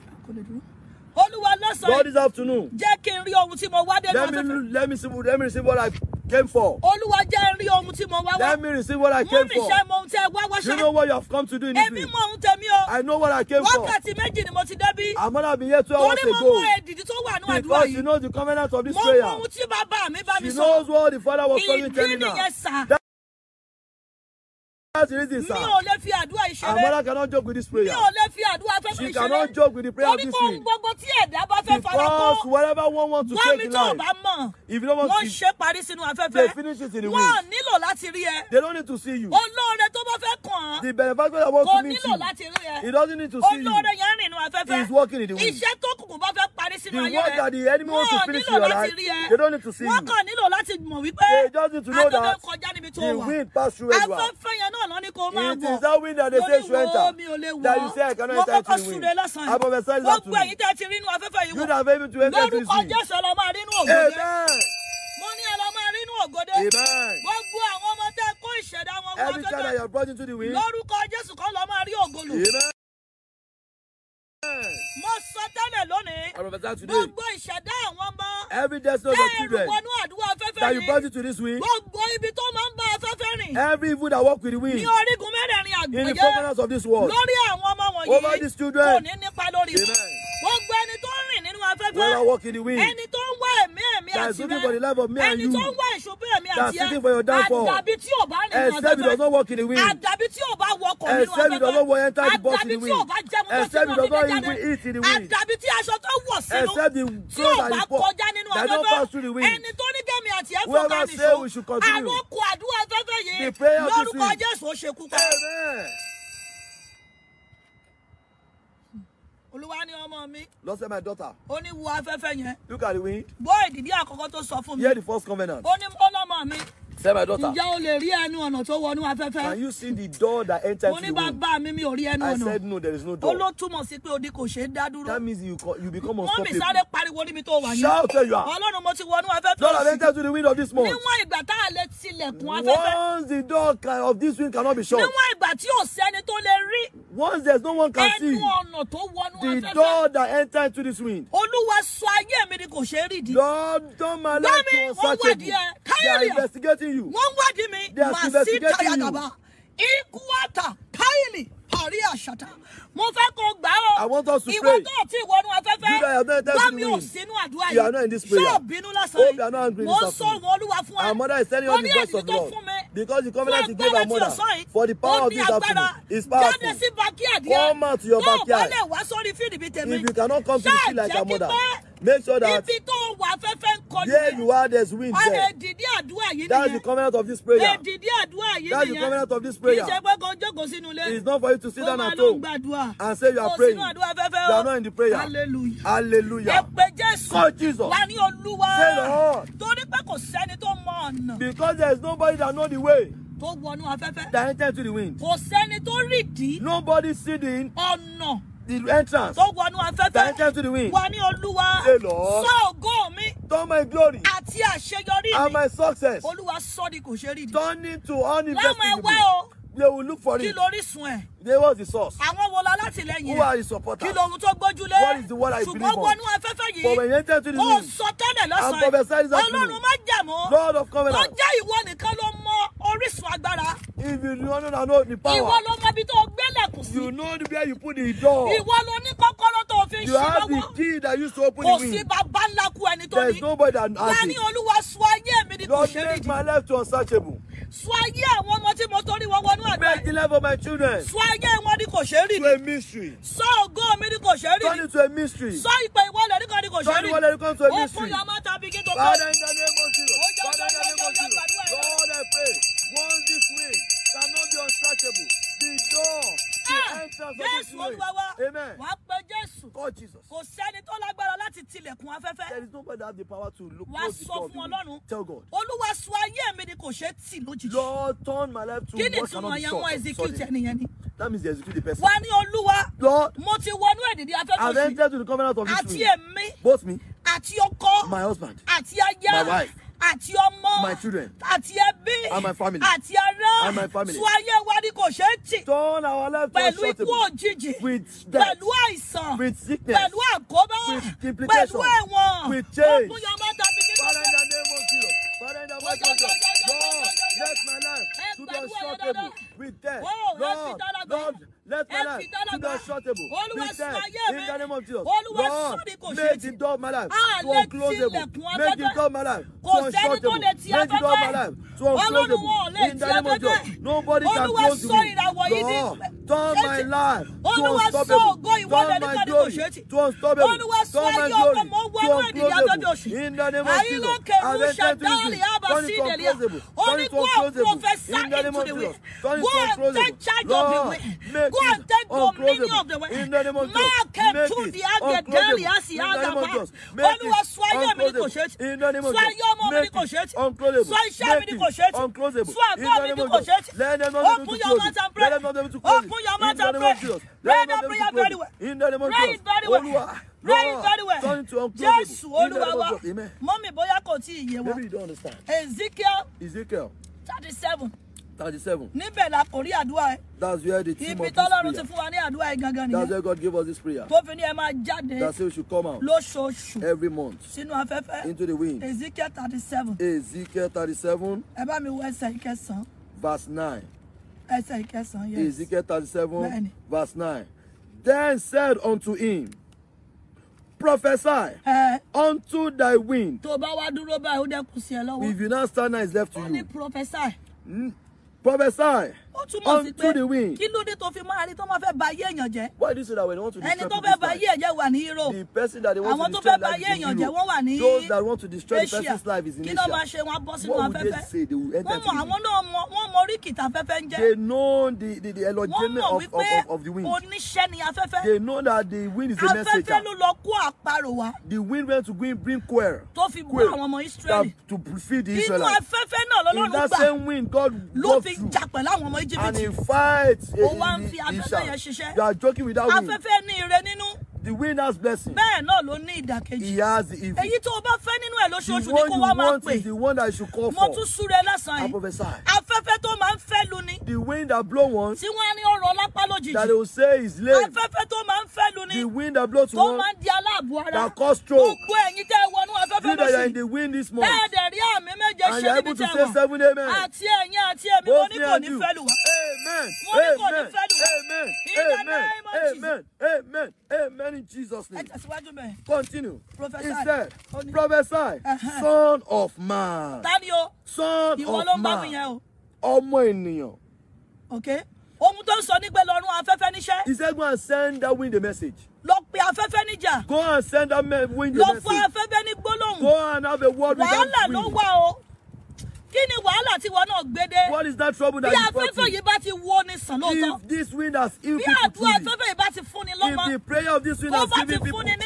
Olúwa lọ́sàn-án. God this afternoon. Jẹ́ kí n rí ohun tí mo wá dé lọ́sàn-án. Let me let me see let me see what I came for. Olúwa jẹ́ n rí ohun tí mo wá wá. Let me see what I came for. Mú mi ṣe mo ohun tí ẹ wá wá ṣá. You know what you have come to do in this place. Èmi mọ ohun tèmi o. I know what I came for. Wákàtí méjì ni mo ti débí. I'm gonna be here two hours ago. Torí tó wà ní àdúrà yìí. Because you know the covenant of this prayer. Mo She knows what the father was calling telling her. Ìdí That's the reason, sir. Our mother cannot joke with this prayer. She cannot joke with the prayer of this thing. Because whatever one wants to take in life, if you don't want to, they finish it in the wind. They don't need to see you. The benefactor that wants to meet you, he doesn't need to see you. He's working in the wind. The work that the enemy wants to finish in your life, they don't need to see you. They just need to know that the wind passed through everywhere náà lọ ní kó it is that window they say to enter that you say I cannot enter the wind. I prophesy that to you. gbogbo ẹ̀yin you na fẹ́ to enter to see. lórúkọ Jésù ọlọ́ máa rí inú ògòdè. mo ní ọlọ́ máa rí inú ògòdè. gbogbo àwọn ọmọ tẹ́ kó ìṣẹ̀dá wọn wọ́n fẹ́fẹ́. lórúkọ Jésù kan lọ́ máa rí ògolo. Mo Every destiny of your children. That you brought into this wind rìn. every evil that walk with the wind. ní orígun mẹ́rẹ̀ẹ̀rin àgbáyé. in the foreground of this world. lórí àwọn ọmọ wọ̀nyí. over these children. kò ní nípa lórí wọn. gbogbo ẹni tó ń rìn nínú afẹ́fẹ́. when I walk in the wind. ẹni tó ń wá ẹ̀mí ẹ̀mí àti rẹ. that is looking for the life of me and you. ẹni tó ń wá ìṣubú ẹ̀mí àti rẹ. that is looking for your downfall. àdàbí tí ò bá rìn nínú afẹ́fẹ́. except he does not walk in the wind. àdàbí tí ò bá wọkọ̀ nínú afẹ́fẹ́. except he does not enter the box in the wind. àdàbí tí ò bá jẹun tó ti wọ́n nílé jáde. not eat the wind. àdàbí tí aṣọ tó wọ̀ sínú. except the clothes that he bought that don't pass through the wind. ẹni tó ní kẹ́mi àti ẹ̀fọ́ ká nìṣó. we should continue lórúkọ jésù ó ṣekú pa. olúwa ni ọmọ mi. lọ sẹ́ my daughter. ó ní wo afẹ́fẹ́ yẹn. look at the wind. gbọ́ èdìdí àkọ́kọ́ tó sọ fún mi. hear the first covenant. ó ní ó lọ́mọ mi. Say my daughter. Ǹjẹ́ o lè rí ẹnu ọ̀nà tó wọnú afẹ́fẹ́? Can you see the door that entered? the room? Mo ní bàbá mi mi ò rí ẹnu ọ̀nà. I said no there is no door. Ó sí pé odi kò ṣeé dá dúró. That means you, you become unstoppable. Wọ́n mi sáré pariwo níbi tó wà yẹn. Shout where you are. Ọlọ́run mo ti wọnú afẹ́fẹ́. Lord have entered to the window of this month. Níwọ̀n ìgbà tá a lè tilẹ̀kùn afẹ́fẹ́. Once the door of this wind cannot be shut. Níwọ̀n ìgbà tí ò sẹ́ni tó lè rí. Once there is no one can see. Ẹnu ọ̀nà tó wọnú afẹ́fẹ́. The door that entered into this wind. Olúwa sọ ayé mi ni kò ṣeé rídìí. Lord don't my life to unsearchable. Lọ́mi ó wà díẹ̀. Káyọ̀ you. Wọ́n wádìí mi. They are investigating you. Ikuata Pari Ashata. Mo fẹ́ kó gbà ó. I want us to pray. Ìwọ tó ti wọnú afẹ́fẹ́. You are not testing me. Bámi ò sínú àdúrà yìí. You are not in this prayer. Ṣé òbínú lásán yìí? Hope you are not angry this afternoon. Mo ń sọ̀rọ̀ Olúwa fún ẹ. Our mother is telling you the best of Lord. Because the covenant you gave our mother for the power of this afternoon is powerful. Come out to your backyard. If you cannot come to the field like your mother. Make sure that there you are, there's wind there. That's the comment of this prayer. That's the comment of this prayer. It's not for you to sit down at home and say you are praying. You are not in the prayer. Hallelujah. Hallelujah. Call Jesus. Say Lord. Because there is nobody that know the way. Tó wọnú afẹ́fẹ́. That enter into the wind. Kò sẹ́ni tó rìdí. Nobody see the. Ọ̀nà the entrance. Ó wọnú afẹ́fẹ́. The entrance to the wind. Wà ní Olúwa. Say Lord. Sọ ògo mi. Turn my glory. Àti àṣeyọrí mi. And my success. Olúwa sọ di kò ṣe rí di. Turn into uninvested people. Láwọn ẹwẹ́ o. They will look for it. Kí lórísun ẹ̀? They was the source. Àwọn wo la látìlẹ́yìn? Who are the supporters? Kí lóhun tó gbójúlé? What is the word I believe on? Ṣùgbọ́n wọnú afẹ́fẹ́ yìí. For when you enter to the room. Kò sọ tẹ́lẹ̀ lọ́sàn-án. And prophesy that to me. má jà mọ́. Lord of covenant. Tó jẹ́ ìwọ nìkan ló orísun agbára. if you know na know the power. ìwọ ló mọ ibi tó gbẹ́lẹ̀kùn sí. you know the where you put the door. ìwọ ló ní kọ́kọ́rọ́ tó fi ń lọ́wọ́. you have the key that you so open the wind. kò sí bàbá ńlá kú ẹni tó ní. there is nobody that has it. láàrin olúwa sọ ayé mi ni kò ṣe méjì. lord make my life to unsearchable. sọ ayé àwọn ọmọ tí mo torí wọn wọnú àgbà. make the life of my children. sọ ayé wọn ni kò ṣe rí ni. to a mystery. sọ ògo mi ni kò ṣe rí ni. turn it to a mystery. sọ ìpè ìwọlẹ̀ ní kan ni kò ṣe rí ni. turn ìwọlẹ̀ ní kan to a mystery. ó kúrò ọmọ tàbí kí n tó kọ́. every door she enters Jésù Olúwa wa wàá pe Jésù kò sẹ́ni tó lágbára láti tilẹ̀kùn afẹ́fẹ́ there is nobody have the power to look close the door to tell God Olúwa sọ ayé mi ni kò ṣe tì lójijì Lord turn my life to what cannot be short suddenly that means they execute the person. wà á ní Olúwa Lord mo ti wọnú ẹ̀dìdì afẹ́fẹ́ mi àti èmi both me àti ọkọ my husband àti aya my wife àti ọmọ my children àti ẹbí and my family àti ará and my family sọ ayé wa ni kò ṣe é tì turn our life to a short pẹ̀lú ikú òjijì with death pẹ̀lú àìsàn with sickness pẹ̀lú àkóbá with implication pẹ̀lú ẹ̀wọ̀n with change ogun yọmọ tàbí nínú ọjọ́ Father, in the mighty name of Jesus, Lord, let my life to be unshakable with death. Oh, Lord, Lord, Let my life to the short table. Be set in the name of Jesus. Lord, make the door my life to unclosable. Make the door my life to unshortable. Make the door my life to unclosable. In the name of Jesus. Nobody can close me. Lord, turn my life to unstoppable. Turn my glory to unstoppable. Turn my glory to unclosable. In the name of Jesus. As I said to you, turn it to unclosable. Turn it to unclosable. In the name of Jesus. Turn it to unclosable. Lord, make and take dominion of the world. Máàkẹ́ tú di àgẹ̀dẹ́rì á sì àgàbà. Olúwa sọ ayé mi ní kò ṣe é ti. Sọ ayé ọmọ mi ní kò ṣe é ti. Sọ iṣẹ́ mi ní kò ṣe é ti. Sọ àgọ́ mi ní kò ṣe é ti. Open your mouth and pray. Open your mouth and pray. Pray that prayer very well. Pray it very well. Pray very well. Jésù Olúwa wa. Mọ́mì bóyá kò tí ì yé wa. Ezekiel. Ezekiel. thirty thirty níbẹ̀ la kò rí àdúrà ẹ. that's where the team of this prayer. ibi tọ́lọ́run ti fún wa ní àdúrà ẹ gangan nìyẹn. that's where God gave us this prayer. tó fi ní ẹ máa jáde. that's where we should come out. lóṣooṣù. every month. sínú afẹ́fẹ́. into the wind. Ezekiel thirty seven. Ezekiel thirty seven. ẹ bá mi wọ ẹsẹ̀ ìkẹsàn. verse nine. ẹsẹ̀ ìkẹsàn yes. Ezekiel thirty seven verse nine. Then said unto him prophesy eh. unto thy wind. tó bá wá dúró báyìí ó dẹ́kun sí ẹ lọ́wọ́. if you now stand now it's left to you. ó ní prophesy. Hmm? Conversar! ó túmọ̀ sí pé kí ló dé tó fi máa rí tó máa fẹ́ ba ayé èèyàn jẹ́. why do you say that when want to destroy people's life. ẹni tó fẹ́ ba ayé èèyàn wà ní hero. the person that they want to destroy life is àwọn tó fẹ́ ba ayé èèyàn jẹ́ wọ́n wà ní Asia. those that want to destroy the life is in Asia. kí ló máa ṣe wọn bọ́ sínú afẹ́fẹ́. what would they say they will enter into the wind. wọ́n mọ àwọn náà wọ́n mọ orí kìtà afẹ́fẹ́ ń jẹ́. they know the the the elogene of of the wind. wọ́n mọ̀ wípé oníṣẹ́ ni afẹ́fẹ́. they know that the wind is a messenger. afẹ́fẹ́ ló lọ kó àparò wá. the wind went to go and bring quail. tó fi bú àwọn ọmọ Israeli. the inú afẹ́fẹ́ náà lọ́lọ́run gbà. wind God go through. ló fi jà pẹ̀lú àwọn ọmọ méjì méjì. and he fights. ó wá ń fi afẹ́fẹ́ yẹn you are joking without me. afẹ́fẹ́ ní ire nínú the winner's blessing. bẹ́ẹ̀ náà ló ní ìdàkejì. he has the evil. èyí tó o bá fẹ́ nínú ẹ̀ lóṣooṣù ni kó wá máa pè. the one you want is the one that you should call for. mo tún súre lásán yìí. I prophesy. afẹ́fẹ́ tó máa ń fẹ́ lu ni. the wind that blow once. tí wọ́n á ní ọ̀rọ̀ lápá lójijì. that they will say is late. afẹ́fẹ́ tó máa ń fẹ́ lu ni. the wind that blow to one. tó máa ń di aláàbò ara. that cause stroke. gbogbo ẹ̀yin tẹ́ wọnú afẹ́fẹ́ lóṣù. you that you are in the wind this month. bẹ́ẹ̀ dẹ̀ rí àmì méje ṣe níbi tẹ̀wọ̀n. and able to say seven amen. àti ẹ̀yin àti èmi mo ní kò ní fẹ́ amen amen amen amen amen. Amen in Jesus' name. Continue. Prophesy. Instead, prophesy, son of man. Son of man. Ọmọ ènìyàn. Okay. Ohun tó ń sọ ní pé lọ́rùn afẹ́fẹ́ níṣẹ́. He said go and send that wind a message. Lọ pe afẹ́fẹ́ níjà. Go and send that wind a message. Lọ fún afẹ́fẹ́ ní gbólóhùn. Go and have a word with that wind. Wàhálà ló wà o kí ni wàhálà tí wọn náà gbédé. what is that trouble that you brought me. bí afẹ́fẹ́ yìí bá ti wọ ni sàn lóòótọ́. if this wind has healed people truly. bí àdúrà afẹ́fẹ́ yìí bá ti fún ni lọ́mọ. if the prayer of this wind has given people children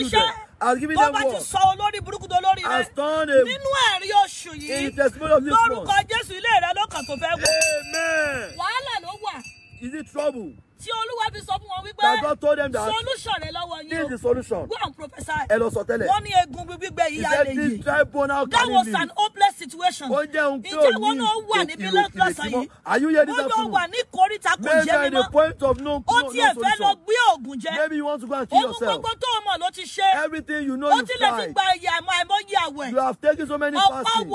has given them work. bó bá ti sọ olórí burúkú tó rẹ. has turned a nínú ẹ̀rí oṣù yìí. in the testimony of this month. lórúkọ Jésù ilé rẹ lọ́kàn tó fẹ́ wọ. amen. wàhálà ló wà. is it trouble? tí olúwa fi sọ fún wọn wípé. that God told them that. solution rẹ lọ́wọ́ yín o. this is the solution. go and professor? ẹ lọ sọ tẹ́lẹ̀. wọ́n ní egun gbígbé yìí lè yí. he said this dry bone out can live. that was an hopeless situation. ó jẹ́ ohun tí ò ní ìjẹ́ wọn náà wà níbi lọ́sàn-án yìí. ayúyẹ ó yóò wà ní koríta kò jẹ́ mímọ́. maybe at the point of no no solution. ó tiẹ̀ fẹ́ lọ gbé òògùn jẹ. maybe you want to go and kill yourself. ohun gbogbo tó o mọ̀ ló ti ṣe. everything you know you tried. ó tilẹ̀ ti gba ìyà àmọ́ àìmọ́ yà wẹ̀. you have taken so many fasting.